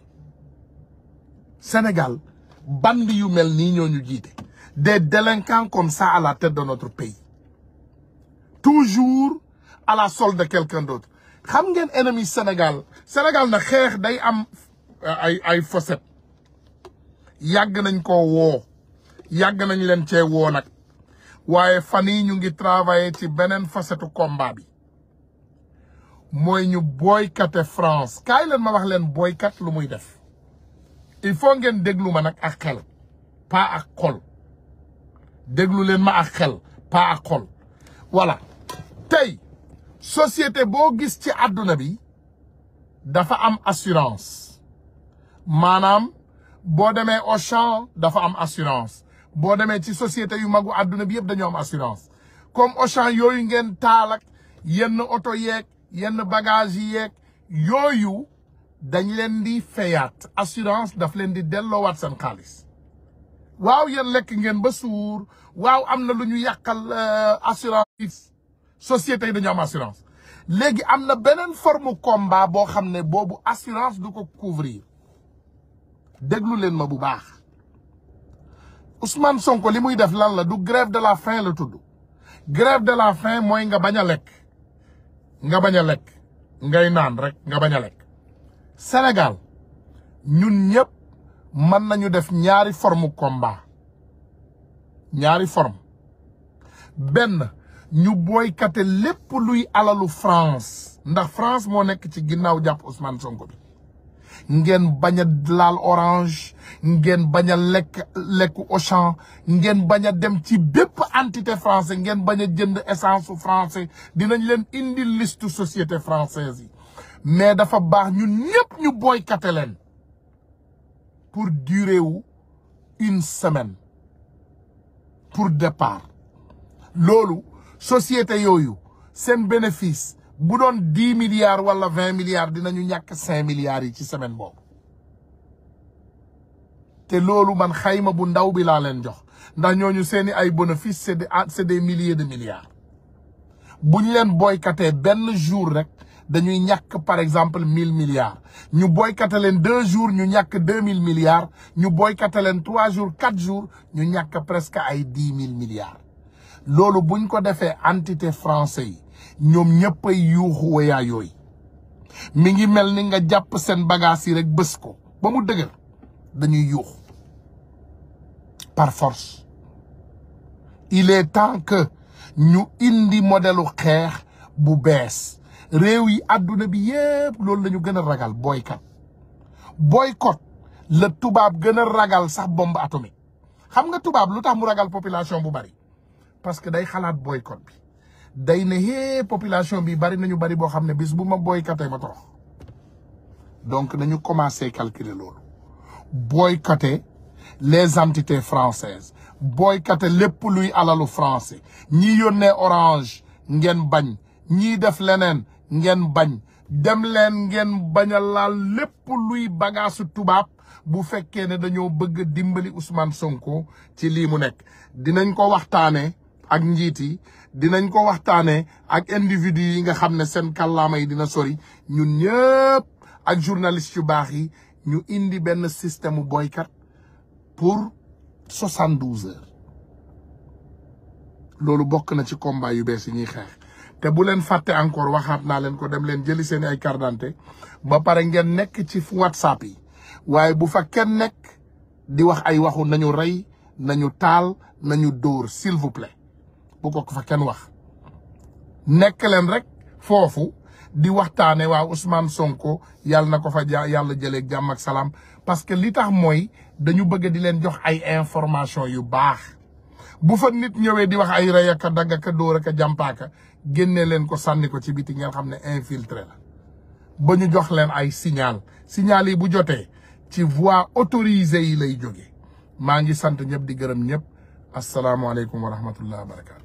B: Sénégal band yu mel ni ñoo ñu jiite des délinquants comme ça à la tête de notre pays toujours à la solde de quelqu'un d'autre xam ngeen ennemi senegal Sénégal na xeex day am ay ay fossette yàgg nañ ko woo yàgg nañ leen cee woo nag waaye fan yi ñu ngi travailler ci beneen facette combat bi mooy ñu boycotté France kaay leen ma wax leen boycott lu muy def il faut ngeen déglu ma nag ak xel pas ak xol déglu leen ma ak xel pas ak xol voilà tey société boo gis ci adduna bi dafa am assurance maanaam boo demee Auchan dafa am assurance boo demee ci société yu magu àdduna bi yëpp dañoo am assurance comme Auchan yooyu ngeen taal yenn oto yeeg yenn bagage yi yeeg yooyu dañ leen di fayaat assurance daf leen di delloowaat seen xaalis waaw yéen lekk ngeen ba suur waaw am na lu ñu yàqal euh, assurance société yi dañoo am assurance léegi am na beneen forme combat boo xam ne boobu assurance du ko couvrir déglu leen ma bu baax Ousmane Sonko li muy def lan la du grève de la faim la tudd grève de la faim mooy nga bañ a lekk nga bañ a lekk ngay naan rek nga bañ a lekk Sénégal ñun ñëpp mën nañu def ñaari forme combat ñaari forme ñu luy alalu France ndax France moo nekk ci ginnaaw jàpp Ousmane Sonko bi Nous baña a orange ngeen baña a lek au champ, ngeen baña a dem ci bépp entité française ngeen baña jënd essence français dinañ leen indi liste société sociétés françaises. mais dafa baax ñun ñëpp ñu boycotté leen pour durer une semaine pour départ lolu société yoyu un bénéfice bu doon dix milliards wala vingt milliards dinañu ñàkk cinq milliards yi ci semaine boobu te loolu man xayma bu ndaw bi laa leen jox ndax ñooñu seeni ay bénéfice c'est des ah, c'est des milliers de milliards bu ñu leen boykatee benn jour rek dañuy ñàkk par exemple mille milliards ñu boykate leen deux jours ñu ñàkk deux mille milliards ñu boykate leen trois jours quatre jours ñu ñàkk presque ay dix mille milliards loolu buñ ko defee antité français yi ñom ñëpp ay yuuxu wayaa yooyu mi ngi mel nga japp sen bagage rek busko, ko ba mu dëgër dañuy yu par force il est temps que ñu indi modelu xex bu bees rew yi aduna bi yépp loolu lañu gëna ragal boycott boycott le tubab gëna ragal sax bombe atomique xam nga tubaab lutax mu ragal population bu bari parce que day xalat boycott bi day ne hee population bi bari nañu bari boo xam ne bis bu ma boycotté ma torox donc nañu commencé calculer loolu boycotté les entités françaises boycotté lépp luy alalu français ñi yónnee orange ngeen bañ ñii def leneen ngeen bañ dem leen ngeen bañ a laal lépp luy bagaasu tubaab bu fekkee ne dañoo bëgg dimbali Ousmane Sonko ci lii mu nekk dinañ ko waxtaanee ak njiit yi dinañ ko waxtane ak individu yi nga xamne sen kallama yi dina sori ñun ñepp ak journaliste yu bax yi ñu indi benn système boycott pour 72 heures lolu bok na ci combat yu bees ñi xex té te bu len faté encore waxat na len ko dem len jëli seen ay carte d'identité ba paré ngeen nek ci whatsapp yi waye bu fa kenn nek di wax ay waxu nañu ray nañu tal nañu dóor s'il vous plaît bu bokk fa kenn wax nekk leen rek foofu di waxtaane waa Ousmane Sonko yàlla na ko fa ja yàlla jëlee jàmm ak salaam parce que li tax mooy dañu bëgg di leen jox ay information yu baax bu fa nit ñëwee di wax ay rey ak a dagg ak a dóor ak génne leen ko sànni ko ci biti ngeen xam ne infiltré la ba ñu jox leen ay signal signal yi bu jotee ci voie autorisée yi lay jóge maa ngi sant ñëpp di gërëm ñëpp asalaamaaleykum wa rahmatullah wa barakatu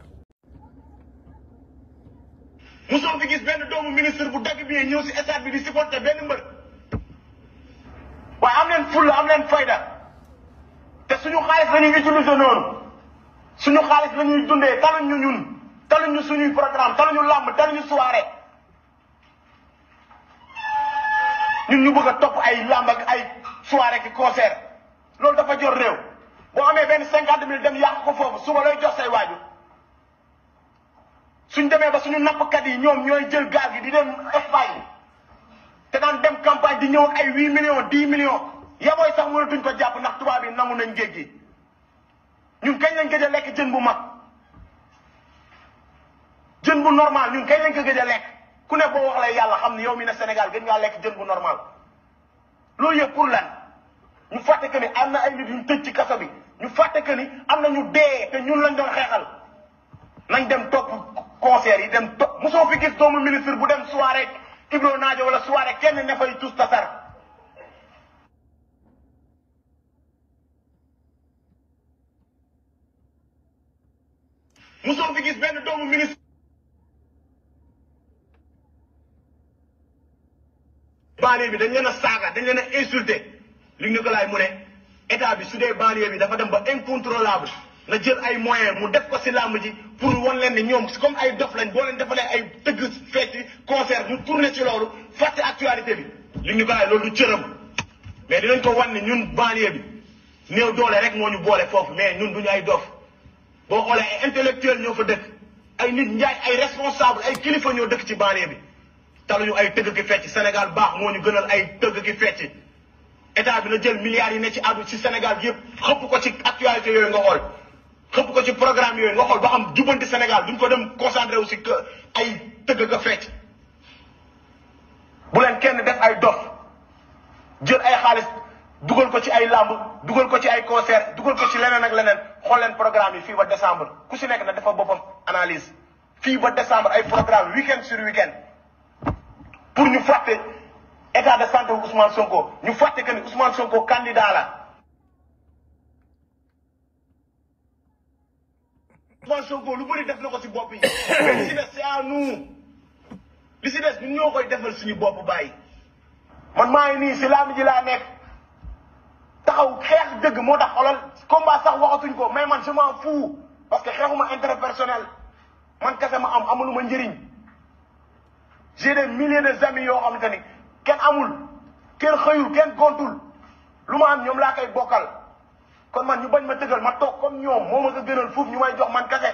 A: fi gis benn doomu ministre bu dagg bi ñëw si stade bi di supporter benn mbër waaye am leen fulla am leen fayda te suñu xaalis la ñuy utiliser noonu suñu xaalis la ñuy dundee taluñ ñu ñun taluñ ñu suñuy programme ñu làmb taluñu soirée ñun ñu bëgg a topp ay làmb ak ay soirée ki concert loolu dafa jor réew boo amee benn cinquante mille dem yàq ko foofu su suba lay jox say waajur suñ demee ba suñu nappkat yi ñoom ñooy jël gaal gi di dem Espagne te daan dem campagne di ñëw ay huit millions dix millions yabooy sax mënatuñ ko jàpp ndax tubaab yi nangu nañ géej gi ñun kañ lañ gëj lekk jën bu mag jën normal ñun kañ ko gëj lekk ku ne boo wax lay yow mi ne Sénégal gën ngaa lekk jën bu loolu yëpp pour lan ñu fàtte que am na ay nit yu ñu tëj ci kaso bi ñu fàtte que ni am na ñu dee te ñun lañ doon xeexal. nañ dem topp concert yi dem topp mosoo fi gis doomu ministre bu dem soirée Ibro Naajo wala soirée kenn ne fay tus tasar mosoo fi gis benn doomu ministre banlieue bi dañ leen a saaga dañ leen a insulté li ñu mu ne état bi su dee banlieue bi dafa dem ba incontrôlable na jël ay moyen mu def ko si làmb ji pour wan leen ni ñoom comme ay dof lañ boo leen defalee ay tëgg feeti concert mu tourné ci loolu fàtte actualité bi. li ñu bàyyi loolu du cëram mais dinañ ko wan ni ñun banlieue bi néew doole rek moo ñu boole foofu mais ñun du ñu ay dof boo xoolee ay intellectuel ñoo fa dëkk ay nit njaay ay responsable ay kilifa ñoo dëkk ci banlieue bi. talu ñu ay tëgg ki fecc Sénégal baax moo ñu gënal ay tëgg ki fecc état bi na jël milliards yi ne ci àddu ci Sénégal gi yëpp xëpp ko ci actualité yooyu nga xool. xëpp ko ci programme yooyu nga xool ba xam jubbanti Sénégal duñ ko dem concentré aussi que ay tëgg ka fecc bu leen kenn def ay dof jël ay xaalis dugal ko ci ay làmb dugal ko ci ay concert dugal ko ci leneen ak leneen xool leen programme yi fii ba décembre ku si nekk na dafa boppam analyse fii ba décembre ay programme weekend sur weekend pour ñu fàtte état de santé wu Ousmane Sonko ñu fàtte que ni Ousmane Sonko candidat la Ousmane Sonko lu ma def na ko si bopp yi. mais li si des à nous. si des ñun ñoo koy defal suñu bopp baay man maa ngi nii si laam ji laa nekk taxaw xeex dëgg moo tax xolal combat sax waxatuñ ko mais man je m'en fous parce que xeexuma intérêt personnel man kese ma am ma njëriñ j'ai des milliers de amis yoo xamante ni kenn amul kenn xëyul kenn gontul lu ma am ñoom laa koy bokkal. kon man ñu bañ ma tëgal ma toog comme ñoom moo ma sa gënal fuuf ñu may jox man kase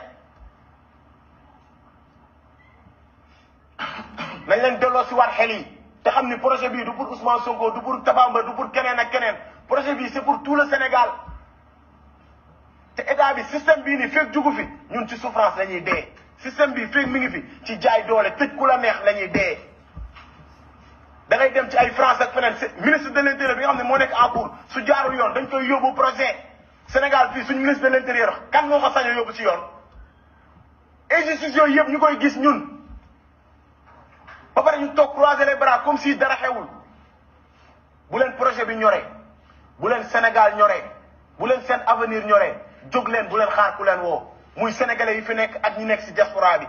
A: nañ leen delloo si war xel te xam ni projet bii du pour Ousmane Sonko du pour keneen ak keneen projet bii c'est pour tout le Sénégal te état bi système bii nii fekk jugu fi ñun ci souffrance la ñuy dee système bii fekk mi ngi fi ci jaay doole tëj ku la neex la ñuy dee da ngay dem ci ay France ak feneen ministre de l'intérieur bi nga xam ne moo nekk en cours yoon dañ koy yóbbu projet Sénégal fii ñu ministre de l'intérieur kan moo ko sañ a yóbbu ci yoon injustice yooyu yëpp ñu koy gis ñun ba pare ñu toog croiser les comme si dara xewul bu leen projet bi ñoree bu leen Sénégal ñoree bu leen seen avenir ñoree jóg leen bu leen xaar ku leen woo muy sénégalais yi fi nekk ak ñi nekk si diaspora bi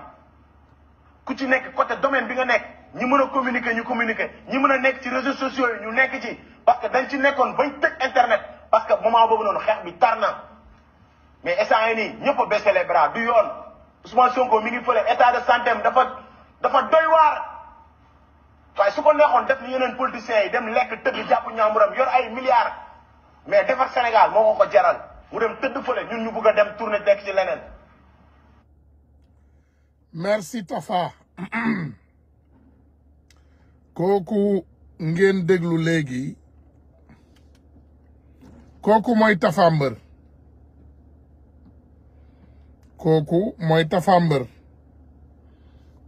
A: ku ci nekk côté domaine bi nga nekk ñi mën a communiquer ñu communiquer ñi mën a nekk ci réseaux sociaux yi ñu nekk ci parce que dañ ci nekkoon bañ tëj internet. parce que moment bobu non xex bi tarna mais instant yi ñepp baissé les bras du yoon Ousmane Sonko mi ngi feulé état de santé dafa dafa doy war waaye su ko neexoon def ni yeneen politiciens yi dem lek teug japp ñamuram yor ay milliards mais defar Sénégal moko ko ko jaral mu dem teud feulé ñun ñu bëgg dem tourner dekk ci leneen.
B: merci Tafa <clears throat> koku ngeen déglu léegi. kooku mooy Tapha kooku mooy Tapha Mbeur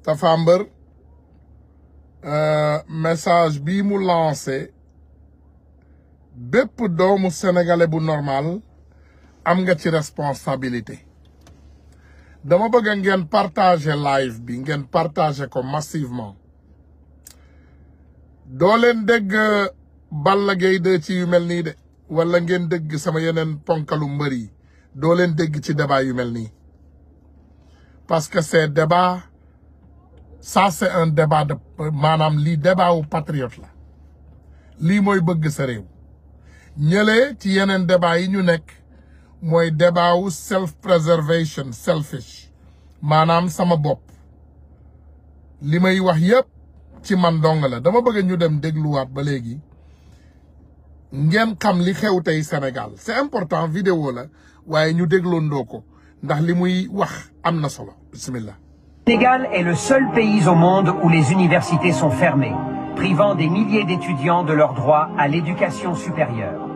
B: Tapha euh, message bii mu lancé bépp doomu sénégalais bu normal am nga ci responsabilité dama bëgg ngeen partager live bi ngeen partager ko massivement doo leen dégg Balla Gaye 2 ci yu mel nii de wala ngeen dégg sama yeneen ponkalu mbër yi doo leen dégg ci débat yu mel nii parce que ces débats ça c'est un débat maanaam li débat wu patriote la lii mooy bëgg sa réew ñëlee ci yeneen débat yi ñu nekk mooy débat wu self preservation selfish maanaam sama bopp li may wax yépp ci man dong la dama bëgg ñu dem dégluwaat ba léegi c'est important vidéo la ñu ndax bismillah
C: Le Sénégal est le seul pays au monde où les universités sont fermées, privant des milliers d'étudiants de leur droit à l'éducation supérieure.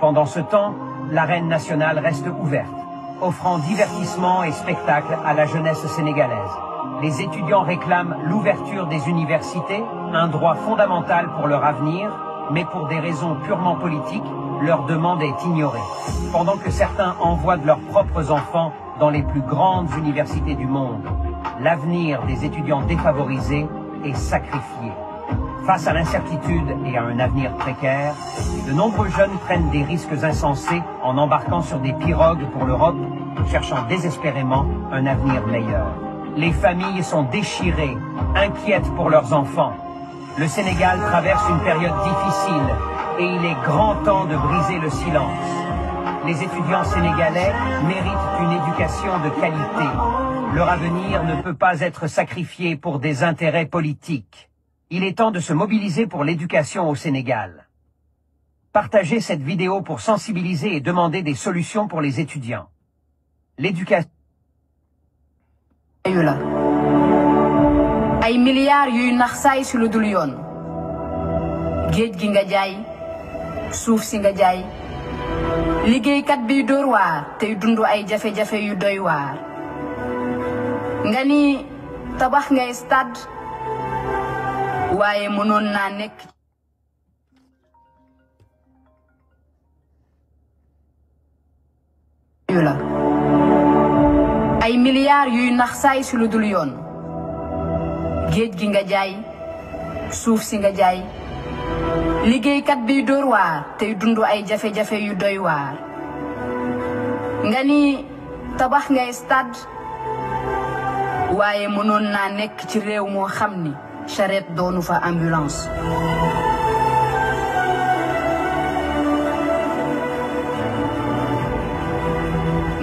C: Pendant ce temps, l'arène nationale reste ouverte, offrant divertissement et spectacle à la jeunesse sénégalaise. Les étudiants réclament l'ouverture des universités, un droit fondamental pour leur avenir, mais pour des raisons purement politiques, leur demande est ignorée. Pendant que certains envoient de leurs propres enfants dans les plus grandes universités du monde, l'avenir des étudiants défavorisés est sacrifié. Face à l'incertitude et à un avenir précaire, de nombreux jeunes prennent des risques insensés en embarquant sur des pirogues pour l'Europe, cherchant désespérément un avenir meilleur. Les familles sont déchirées, inquiètes pour leurs enfants, le Sénégal traverse une période difficile et il est grand temps de briser le silence. Les étudiants sénégalais méritent une éducation de qualité. Leur avenir ne peut pas être sacrifié pour des intérêts politiques. Il est temps de se mobiliser pour l'éducation au Sénégal. Partagez cette vidéo pour sensibiliser et demander des solutions pour les étudiants. L'éducation...
D: ay milliards yu nax saay si lu dul yoon geej gi nga jaay suuf si nga jaay kat bi door waar tay dundu ay jafé jafé yu doy nga tabax ngay stade waye mënon na nek ay milliards yu nax lu dul yoon geej gi nga jaay suuf si nga jaay kat bi door waar tey dundu ay jafe-jafe yu doy waar nga ni tabax ngay stade waaye mënoon naa nekk ci réew moo xam ni charette doonu fa ambulance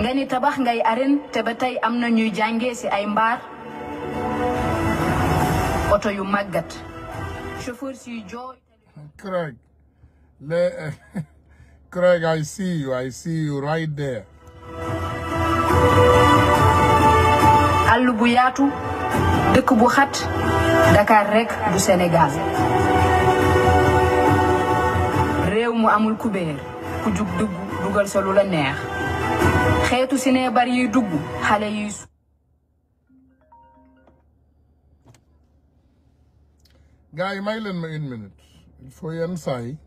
D: nga ni tabax ngay arène te ba tey am na ñuy jàngee si ay mbaar oto yu màggat chauffeur si jooy
B: Craig le <laughs> Craig I see you I see you right there
D: àll bu yaatu dëkk bu xat Dakar rek du Sénégal réew mu amul kubéer ku jug dugg dugal sa la neex xeetu si ne bari yuy dugg
B: gars yi may leen ma une minute il faut yenn saa yi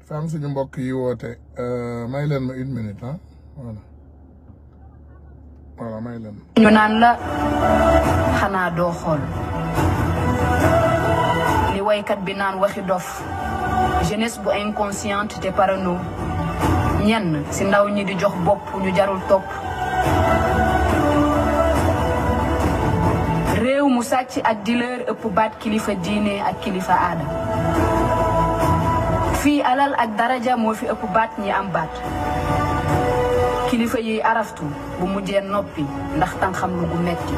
B: dafa am suñu mbokk yi woote euh, may leen ma une
D: minute ah voilà voilà ma. ñu naan la xanaa doo li waykat bi naan waxi dof jeunesse bu inconsciente te parano ñenn si ndaw ñi di jox bopp ñu jarul topp. rew mu sacc ak di leur epp bat kilifa diine ak kilifa aada fi alal ak daraja mo fi epp bat ñi am bat kilifa yi araftu bu mujjé nopi ndax xam lu gu metti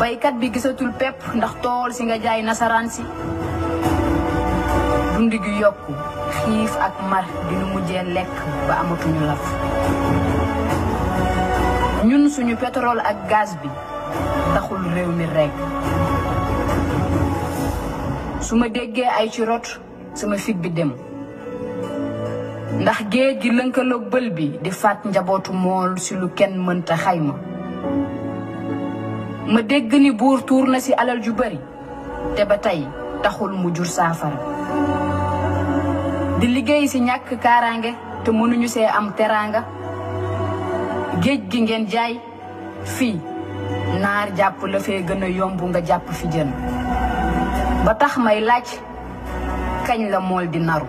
D: baykat bi gisatul pep ndax tol si nga jaay nasaran si dundigu yokku xif ak mar di nu mujjé lek ba ñu laf ñun suñu pétrole ak gaz bi taxul réew mi rekk su ma déggee ay ci rot sama fit bi dem ndax géej gi lënkaloog bël bi di faat njabootu mool si lu kenn mënta xayma ma dégg ni buur tuur na ci alal ju bari te ba tey taxul mu jur saafara di liggéey ci ñàkk kaaraange te mënuñu see am teraanga geej gi ngeen jaay fi naar japp la fee gën yomb nga japp fi jeen ba tax may laaj kañ la mol di naru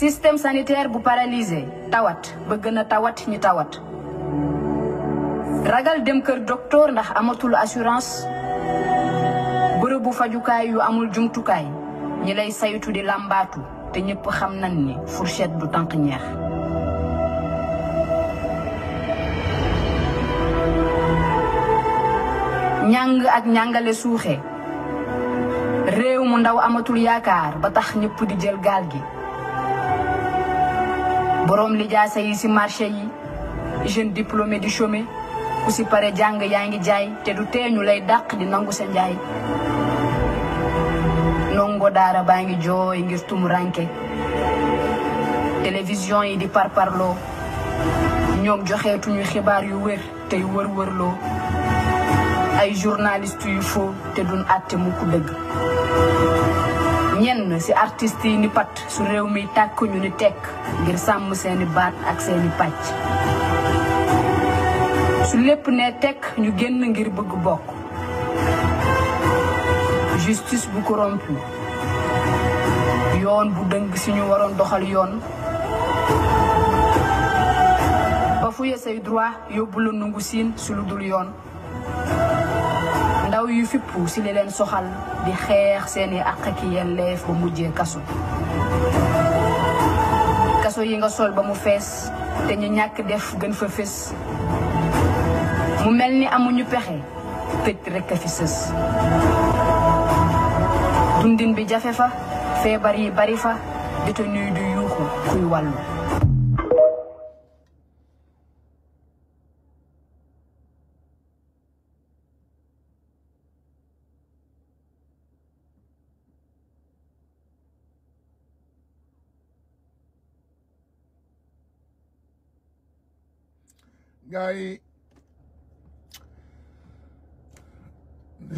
D: système sanitaire bu paralysé tawat ba tawat ñu tawat ragal dem keur docteur ndax amatul assurance bërëbu fajukaay yu amul jumtukaay ñi lay saytu di lambatu, te ñepp xam nañ ni fourchette du tank ñeex ñang ak ñangalé suxé réew mu ndaw amatul yaakar ba tax ñepp di jël gal gi borom li jaasay ci marché yi jeune diplômé di chômé ku ci paré jang yaangi jaay té du téñu lay dakk di nangu sa jaay dongo daara baa ngi jooy ngir tumuranke télévision yi di parparloo ñoom joxeetuñu xibaar yu wér tey wër-wërloo ay journaliste yu foo te duñ àtte mukk dëgg ñenn ci artistes yi ni pat su réew mi tàkk ñu ni tekk ngir sàmm seeni baat ak seeni pàcc su lépp ne tekk ñu génn ngir bëgg bokk justice bu corrompu yoon bu deng ci ñu waron doxal yoon ba fuye say droit yóbbu lu nungu sin su lu dul yoon ndaw yu fippu silelen sohal leen soxal di xex seeni ak ak yelleef bu mujjé kaso kaso yi nga sol ba mu fess te ñu ñak def gën fa fess mu melni amuñu pexé tëj rek fi dundin bi jafe fa bari fa détenu du yuuxu kuy walu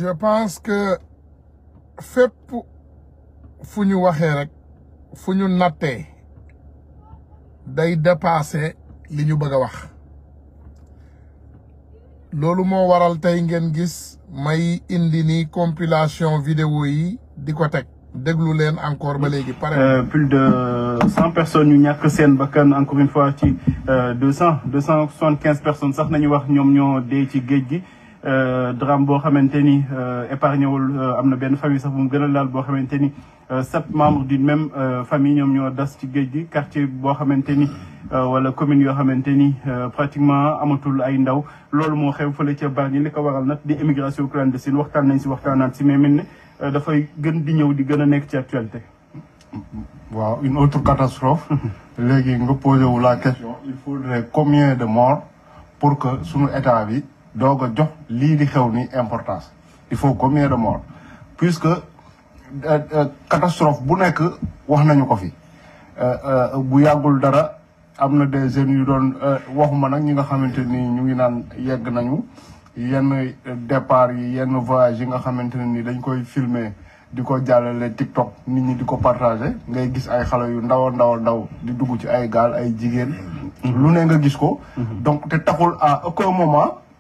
B: je pense que fait pour que rek dépasser les nouveaux bëgg waral compilation vidéo yi encore ba euh, plus de
F: 100 personnes ñu avons seen encore une fois ci euh, personnes sax nañu wax ñom ñoo dé ci euh, drame boo xamante ni euh, épargne euh, amna ben famille sax bu mu gën bo xamanteni sept membres d'une même famille ñom ñoo das ci quartier bo xamanteni wala commune yo xamanteni pratiquement amatul ay ndaw loolu mo xew fele ci Bargny ni ko waral nak di immigration clandestine waxtan nañ si waxtaanaat ci mais mel ne fay gën di ñew di gëna nekk ci actualité.
E: waaw une autre catastrophe. Les <laughs> nga posez wu la question il faudrait combien de morts pour que son état bi doog jox li li xew ni importance il faut combien de morts puisque euh, euh, catastrophe bu nek wax nañu ko fi euh, euh bu yagul dara amna des jeunes yu don waxuma nak ñi nga xamanteni ñu ngi nan yegg nañu yenn départ yi yenn voyage yi nga xamanteni dañ koy filmer diko ko jàllale TikTok nit ñi diko partager ngay gis ay xale yu ndaw ndaw ndaw di dugg ci ay gal ay jigen mm-hmm. lu ne nga gis ko mm-hmm. donc te taxul à aucun moment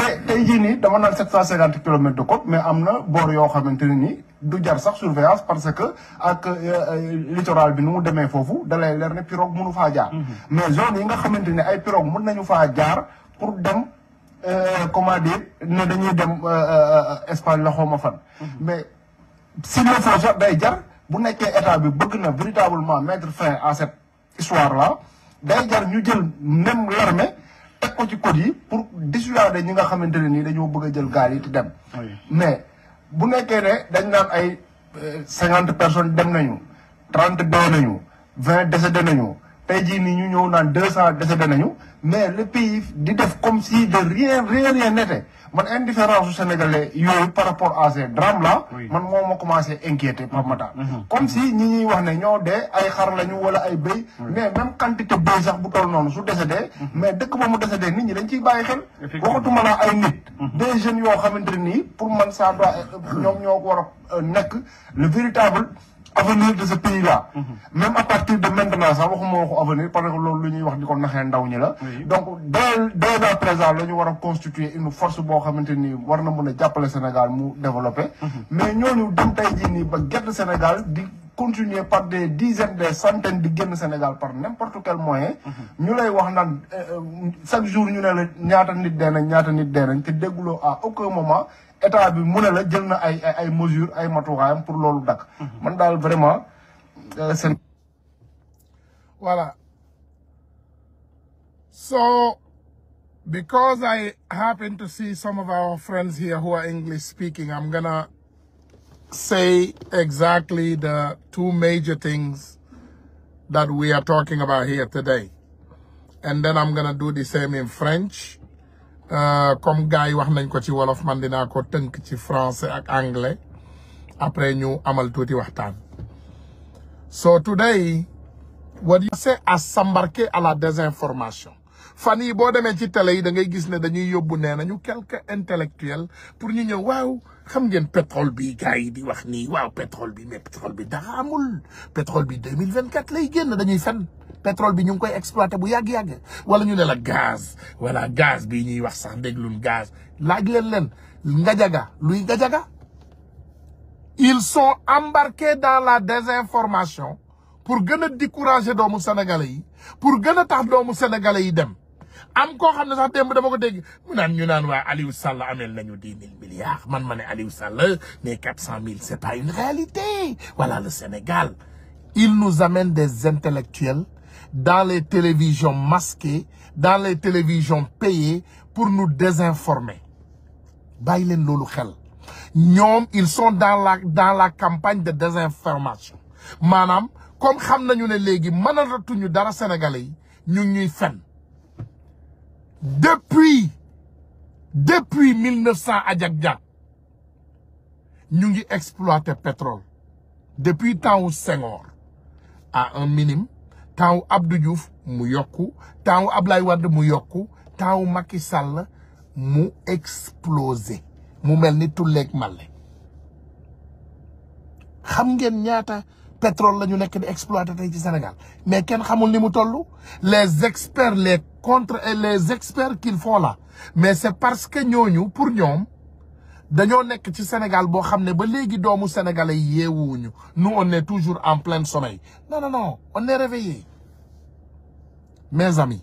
E: Et tey jii nii dama naan 750 km de côte mais amna na boor yoo xamante ne du jar sax surveillance parce que ak euh, euh, littoral bi nu mu demee foofu da lay leer ne pirogue mënu faa jaar. Mhm. mais zone yi nga xamanteni ay pirogue mën nañu fa jaar pour dem euh, comment dire ne dañuy dem Espagne la xawma fan. Mhm. mais s'il le faut sax day jar bu nekké état bi bëgg na véritablement mettre fin à cette histoire là day jar ñu jël même l'armée teg ko ci code yi pour dissuader ñi nga xamante ne nii dañoo bëgg a jël gaal yi te dem. mais bu nekkee ne dañ naan ay euh, cinquante personnes dem nañu trente deux nañu vingt décédé nañu. tey jii nii ñu ñëw naan deux cent décédé nañu mais le pays di def comme si de rien rien rien n'était man indifférence su sénégalais yooyu par rapport à ces la man moo ma commencé inquiéter Pape Matar. Mhm. Mhm. comme si ñi ñuy wax ne ñoo dee ay xar lañu wala ay béy. mais même quantité béy sax bu toll noonu su décédé. Mhm. mais dëkk ba mu décédé nit ñi dañ ciy bàyyi xel. waxatuma la ay nit. des jeunes yoo xamante nii pour man ça doit ñoom ñoo war a euh, nekk le véritable. avenir de ce pays là. Mhm. même à partir de maintenant sax waxuma waxu avenir parce que loolu lu ñuy wax di ko naxee ndaw ñi la. donc dès dès à présent la ñu war a constituer une force boo xamante ni war na mën a jàppale Sénégal mu développé. Mhm. mais ñooñu dem tey jii nii ba gerte Sénégal di. continuer par des dizaines des centaines di génn Sénégal par n'importe quel moyen mhm. ñu lay wax naan euh, euh, chaque jour ñu ne la ñaata nit dee nañ ñaata nit dee nañ te dégguloo à aucun moment état bi mu ne la jël na ay ay mesures ay matuwaayam pour loolu dakk man daal vraiment euh, seen voilà
B: so because I happen to see some of our friends here who are English speaking I'm gonna say exactly the two major things that we are talking about here today and then I'm gonna do the same in French Euh, comme gars yi wax nañ ko ci wolof man dinaa ko tënk ci français ak anglais après ñu amal tuuti waxtaan so today what you say à s'embarquer à la désinformation fan yi boo demee ci télé yi da ngay gis ne dañuy yóbbu nee nañu quelques intellectuels pour ñu ñëw waaw xam ngeen pétrole bi gars yi di wax nii waaw pétrole bi mais pétrole bi dara amul pétrole bi deux mille vingt quatre lay génn dañuy fen pétrole bi ñu koy exploiter bu yag yag wala ñu ne la gaz wala gaz bi ñuy wax sax déglul gaz laaj leen leen ngajaga luy ngajaga ils sont embarqués dans la désinformation pour gëna décourager doomu sénégalais yi pour gëna a tax doomu sénégalais yi dem am ko xamne sax démb dama ko dégg mu nan ñu nan wa Aliou Sall amel nañu 10 mille milliards man mané Aliou Sall mais quatre cent c'est pas une réalité voilà le Sénégal il nous amène des intellectuels dans les télévisions masquées, dans les télévisions payées pour nous désinformer. Bailen ils sont dans la, dans la campagne de désinformation. Madame, comme nous nañu ne nous sommes dara dans le Sénégalais, nous ñuy fin. depuis depuis 1900 à cent nous avons exploité pétrole depuis temps au Seigneur, à un minimum taw Abdou Diouf mu yokku taw Ablaye wad mu yokku taw Macky Sall mu exploser mu melni ni tulleeg màlle xam ngeen ñaata pétrole lañu nek di exploiter tay ci Sénégal mais ken xamul ni mu les experts les contre et les experts qu'il font là mais c'est parce que ñoñu pour ñom dañoo nekk ci Sénégal boo xam ne ba léegi doomu sénégalais nous on est toujours en plein sommeil non non non on est réveillé mes amis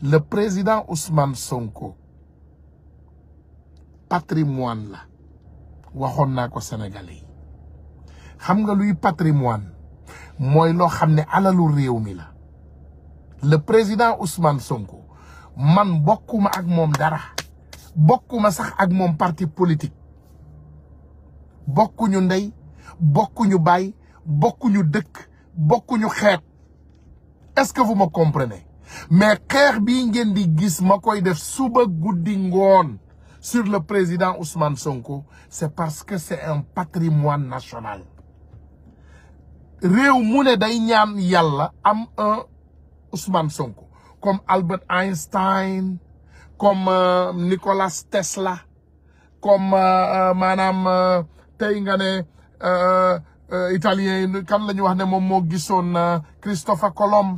B: le président Ousmane Sonko patrimoine la waxoon naa ko sénégalais yi xam nga luy patrimoine mooy loo xam ne alalu réew la le président Ousmane Sonko man bokkuma ak moom dara bokkuma sax ak mon parti politique ñu ndey bokkuñu beaucoup bokkuñu dëkk ñu xeet est-ce que vous me comprenez mais xeex bi ngeen di gis makoy def suba goudi ngone sur le président Ousmane Sonko c'est parce que c'est un patrimoine national réew mu day ñaan am un Ousmane Sonko comme Albert Einstein comme euh, Nicolas Tesla comme euh, euh, manam tey nga ne italien euh, kan la ñu wax Christopher Colomb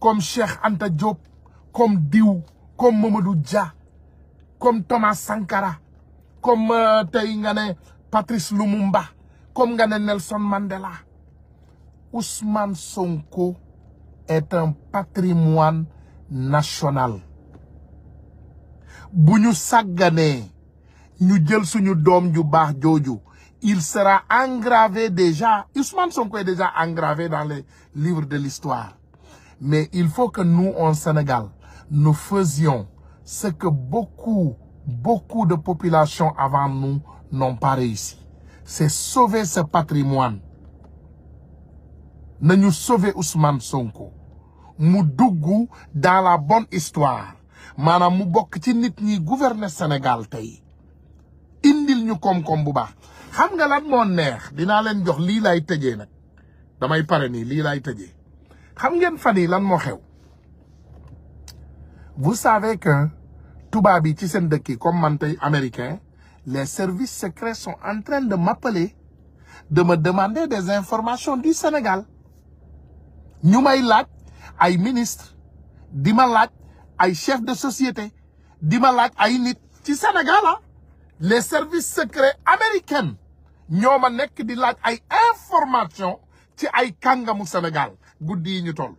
B: comme Cheikh Anta Diop comme Diou, comme Momodou Dja, comme Thomas Sankara comme euh, Teingane, Patrice Lumumba comme nga Nelson Mandela Ousmane Sonko est un patrimoine national il sera engravé déjà Ousmane Sonko est déjà engravé dans les livres de l'histoire mais il faut que nous en Sénégal nous faisions ce que beaucoup beaucoup de populations avant nous n'ont pas réussi c'est sauver ce patrimoine Nous sauver Ousmane Sonko Nous dans la bonne histoire manam mu bok ci nit ñi gouverner Sénégal tay indil ñu koom-koom bu baax xam nga lan mo neex dina len jox li lay tëjee nak damay paré ni li lay tëjee xam ngeen fan lan mo xew vous savez que tubaab yi ci sen dëkk comme man tay américain les services secrets sont en train de m'appeler de me demander des informations du Sénégal ñu may laaj ay ministre di ma ay chef de société dima laaj ay Sénégal ah, les services secrets américains ñoma ont di laaj ay information ci ay Sénégal. Sénégal goudi ñu toll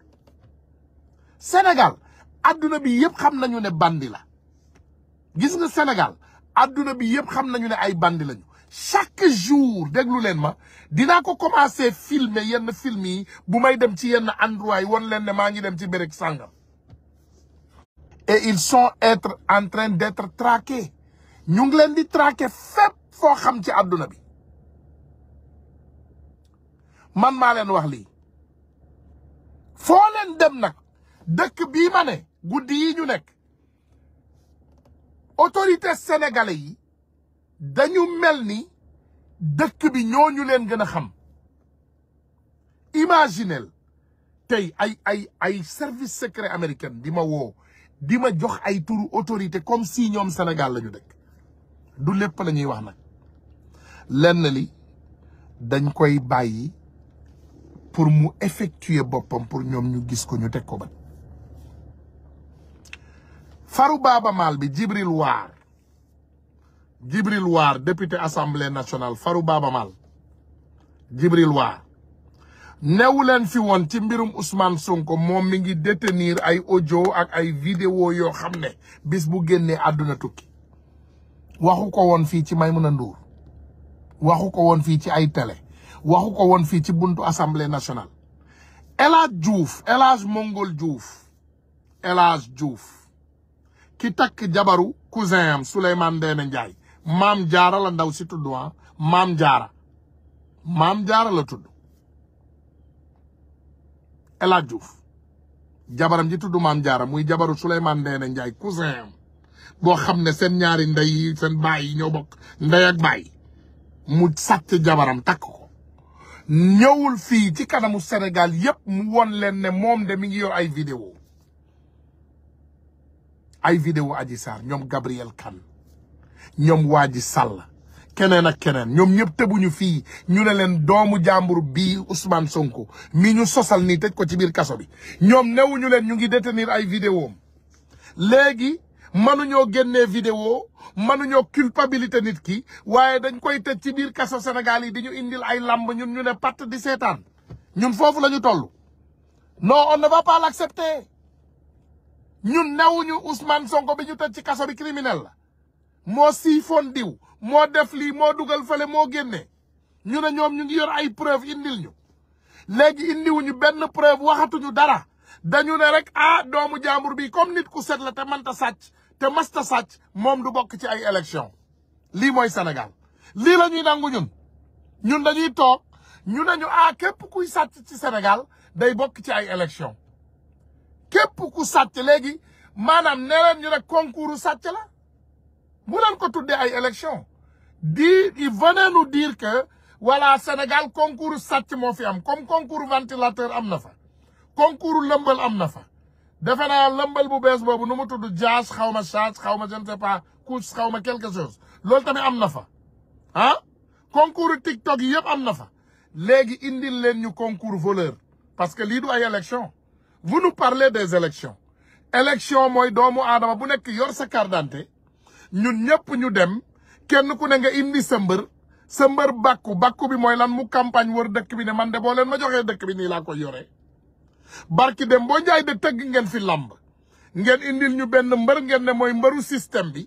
B: Sénégal aduna bi yépp xam nañu Sénégal aduna bi ay bandi chaque jour déglu len ma ko filmer yenn film bu may dem ci endroit et ils sont être en train d'être traqués ñu ngi leen di traquer fépp foo xam ci àdduna bi man ma leen wax li fo leen dem nak dëkk bi mané goudi yi ñu nek autorité sénégalais yi dañu melni ni bi ñooñu leen gëna xam imaginel tay ay ay ay service secret américain di ma di ma jox ay turu autorité comme si ñoom Sénégal la ñu dëkk du lépp la ñuy wax nag lenn li dañ koy bàyyi pour mu effectuer boppam pour ñoom ñu gis ko ñu teg ko ba faru baaba bi Jibril Waar Jibril Waar député assemblée nationale faru baaba maal Waar newu leen fi woon ci mbirum Ousmane Sonko moom mi ngi détenir ay audio ak ay vidéo yoo xam ne bis bu génnee àdduna tukki waxu ko woon fii ci may Ndour waxu ko woon fii ci ay tele waxu ko woon fii ci buntu assamble nationale El juuf Diouf El Hadj Mongol juuf El Hadj ki takk jabaru cousin am Souleymane Ndéné Ndiaye maam jaaral la ndaw si tudd maam jaara maam jaara El Hadj jabaram ji tudd maam jaara muy jabaru Souleymane Ndéné Ndiaye cousin am boo xam ne seen ñaari ndey yi seen baay yi ñoo bokk ndey ak baay mu sàcc jabaram takk ko ñëwul fii ci kanamu senegal yépp mu won leen ne moom de mi ngi yor ay vidéo ay vidéo Adji Sarr ñoom Gabriel Kane ñoom Wadji Sall keneen ak keneen ñoom ñëpp tëbuñu fii ñu ne leen doomu jàmbur bii Ousmane Sonko mi ñu sosal nii tëj ko ci biir kaso bi ñoom newuñu leen ñu ngi détenir ay vidéo léegi mënuñoo génnee vidéo mënuñoo culpabilité nit ki waaye dañ koy tëj ci biir kaso Sénégal yi di ñu indil ay làmb ñun ñu ne patt di seetaan ñun foofu la ñu toll non on ne va pas l'accepter ñun newuñu Ousmane Sonko bi ñu tëj ci kaso bi criminel la moo siifoon diw moo def lii moo dugal fale moo génne ñu ne ñoom ñu ngi yor ay preuve indil ñu léegi indiwuñu benn preuve waxatuñu dara dañu ne rek ah doomu jaambur bi comme nit ku set la te manta sàcc te masta sàcc moom du bokk ci ay élection lii mooy senegal lii la ñuy nangu ñun ñun dañuy toog ñu ne ñu ah, képp kuy sàcc ci senegal day bokk ci ay élection képp ku sàcc léegi maanaam nee leen ñu ne concours sàcc la mu leen ko tuddee ay élection Ils il venait nous dire que voilà Sénégal concours Satimofiam, fi comme concours ventilateur Amnafa, concours lëmbal am na fa Boubès bobo, nous bu bees jazz xaw ma je ne sais pas couche quelque chose loolu tamit am ah? concours TikTok yep Amnafa am indil concours voleur parce que lii du ay élection vous nous parlez des élections élection mooy doomu aadama bu nekk yor sa Nous d'identité ñun ñëpp ñu dem kenn ku ne nga indi sa mbër sa mbër bàkku bàkku bi moy lan mu campagne wër dëkk bi ne man de bo len ma joxee dëkk bi ni la ko yoré barki dem bo njaay de tegg ngeen fi lamb ngeen indil ñu benn mbeur ngeen ne moy mbeuru système bi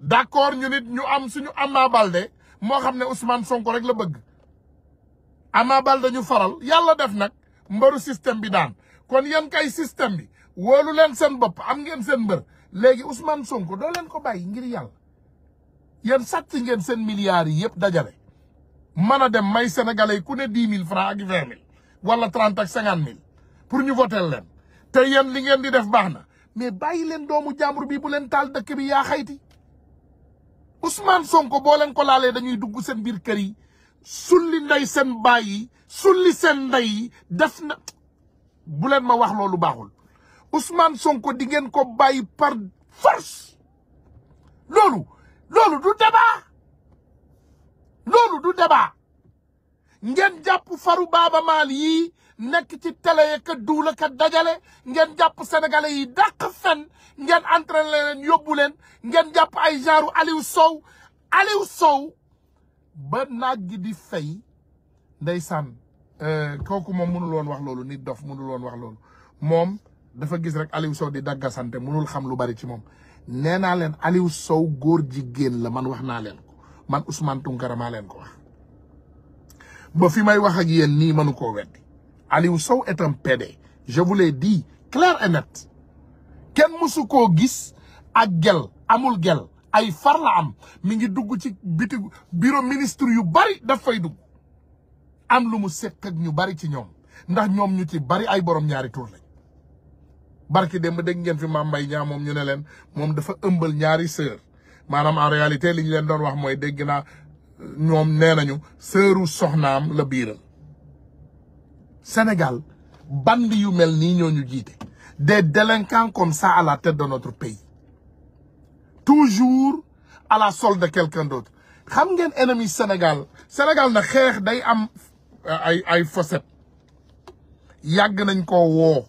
B: d'accord ñu nit ñu am suñu Ama de, mo xamne Ousmane Sonko rek la bëgg faral yalla def nak mbeuru système bi daan kon yeen kay système bi wolu len seen bop am ngeen seen mbeur léegi Ousmane Sonko do len ko bayi ngir yalla yéen sàcc ngeen sen milliards yep dajale mana dem may sénégalais ku ne 10000 francs ak 20000 wala 30 ak 50000 pour ñu voter len te li ngeen di def baxna mais bayi len doomu jambour bi bu len tal dekk bi ya xeyti Ousmane Sonko bo len ko laalé dañuy dugg sen bir kër yi sulli nday sen bayyi sulli sen nday def na bu len ma wax lolu baxul Ousmane Sonko di ngeen ko bayyi par force lolu loolu du débat loolu du débat ngeen jàpp faru baaba maal yii nekk ci télé ya ka duula ka dajale ngeen jàpp sénégalais yi dàq fen ngeen entraîné leen yóbbu leen ngeen jàpp ay genre Aliou Sow Aliou Sow ba naaj gi di fay ndeysaan euh, kooku moom mënul woon wax loolu nit dof mënul woon wax loolu moom dafa gis rek Aliou Sow di sante mënul xam lu bari ci moom nee naa leen Aliou Sow góor jigéen la man wax naa leen ko man Ousmane Tounkara maa leen ko wax ba fi may wax ak yéen nii mënu koo weddi Aliou Sow est un PD je vous l'ai clair et kenn mësu koo gis ak gel amul gel ay far la am mi ngi dugg ci biti bureau ministre yu bari daf dugg am lu mu séq ñu bari ci ñoom ndax ñoom ñu ci bari ay borom ñaari tur barki démb dégg ngeen fi Mame Mbaye Niang moom ñu ne leen moom dafa ëmbal ñaari sœur maanaam en réalité li leen doon wax mooy dégg naa ñoom nee nañu sœuru soxnaam la biiral Sénégal band yu mel ni ñoo ñu jiite de délinquants comme ça à la tête de notre pays
E: toujours
B: à la solde de quelqu'un d'autre xam ngeen ennemi senegal Sénégal na xeex day am ay ay fossette nañ ko woo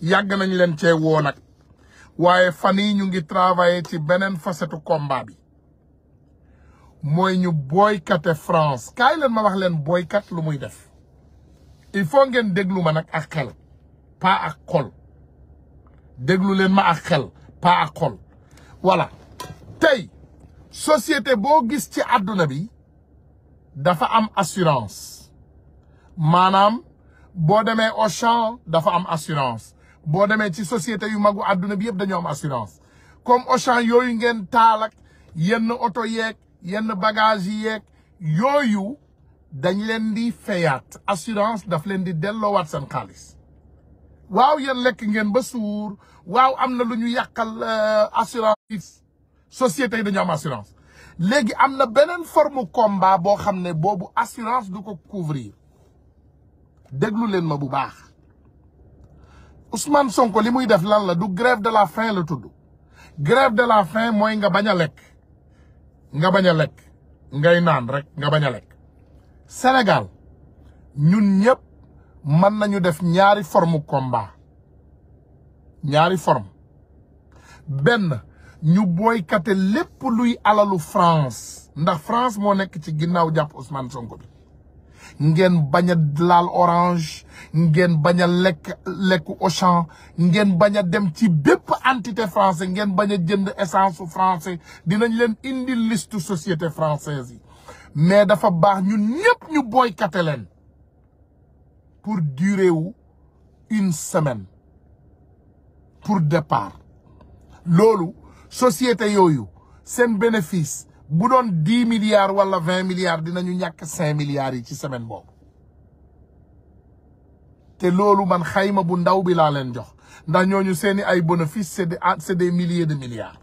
B: yàgg nañ leen cee woo nag waaye fan yi ñu ngi travailler ci beneen facette kombaa bi mooy ñu boycotté France kaay leen ma wax leen boycott lu muy def il faut ngeen déglu ma nag ak xel pas ak xol déglu leen ma ak xel pas ak xol voilà tey société boo gis ci àdduna bi dafa am assurance maanaam boo demee Auchan dafa am assurance boo demee ci société yu magu àdduna bi yëpp dañoo am assurance comme Auchan yooyu ngeen taal yenn oto yeeg yenn bagage yi yeeg yooyu dañ leen di fayaat assurance daf leen di delloowaat seen xaalis waaw yéen lekk ngeen ba suur waaw am na lu ñu yàqal euh, assurance société yi dañoo am assurance léegi am na beneen forme combat boo xam ne boobu assurance du ko couvrir déglu leen ma bu baax Ousmane Sonko li muy def lan la du grève de la faim la tudd grève de la faim mooy nga bañ a lekk nga bañ a lekk ngay naan rek nga bañ a lekk Sénégal ñun ñëpp mën nañu def ñaari forme combat ñaari forme ñu luy alalu France ndax France moo nekk ci ginnaaw jàpp Ousmane Sonko bi ngen baña a orange ngen baña lek lek au Auchan ngen baña dem ci bépp entité française, ngen baña jënd essence française, français dinañ leen indi liste société française mais dafa bax ñun ñëpp ñu boycotté leen pour durer une semaine pour départ lolu société yoyu un bénéfice bu doon dix milliards wala vingt milliards dinañu ñàkk cinq milliards yi ci semaine boobu te loolu man xayma bu ndaw bi laa leen jox ndax ñoo ñooñu seeni ay bénéfice c'est des ah, c'est des milliers de milliards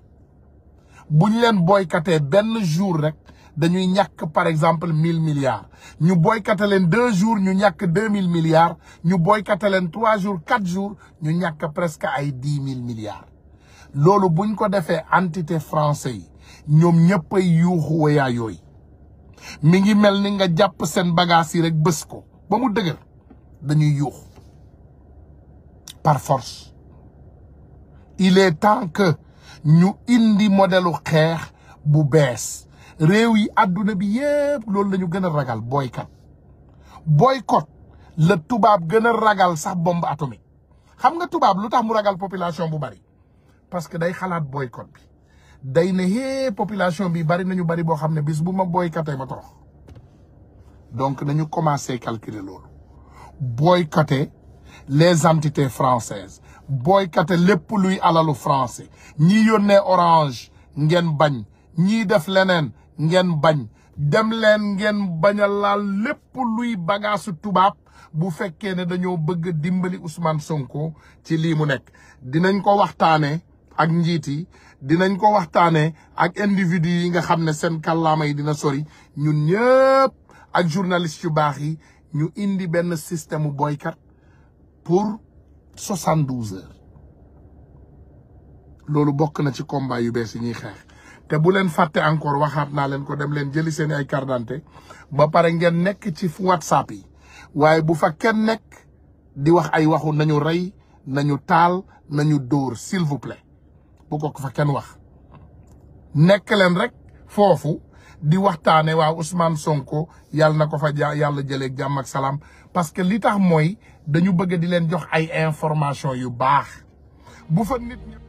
B: bu ñu leen boykatee benn jour rek dañuy ñàkk par exemple mille milliards ñu boykate leen deux jours ñu ñàkk deux mille milliards ñu boykate leen trois jours quatre jours ñu ñàkk presque ay dix mille milliards loolu buñ ko defee antité français yi ñom ñëpp ay yuuxu wayaa yooyu mi ngi mel nga japp sen bagage yi rek bëss ko ba mu dañuy yu par force il est temps que ñu indi modèlu xex bu bees rew yi aduna bi yépp loolu lañu gëna ragal boycott boycott le tubab gëna ragal sax bombe atomique xam nga tubab lutax muragal mu ragal population bu bari parce que day xalaat boycott bi day ne hee population bi bari nañu bari boo xam ne bis bu ma boycotté ma torox donc nañu commencé calculer loolu boycotté les entités françaises boycotté lépp luy alalu français ñi yónnee orange ngen bañ ñii def leneen ngeen bañ dem leen ngeen bañ a laal lépp luy bagaasu tubaab bu fekkee ne dañoo bëgg dimbali Ousmane Sonko ci lii mu nekk dinañ ko waxtaanee ak njiit yi dinañ ko waxtane ak individu yi nga xamne sen kallama yi dina sori ñun ñepp ak journaliste yu bax yi ñu indi benn système boycott pour 72 heures lolu bok na ci combat yu bees ñi xex té te bu len faté encore waxat na len ko dem len jëli sen ay carte ba paré ngeen nek ci whatsapp yi waye bu fa kenn nek di wax ay waxu nañu ray nañu tal nañu s'il vous plaît bu bokk fa kenn wax nekk leen rek foofu di waxtaane waa Ousmane Sonko yàlla na ko fa ja yàlla jëlee jàmm salaam parce que li tax mooy dañu bëgg di leen jox ay information yu baax bu fa nit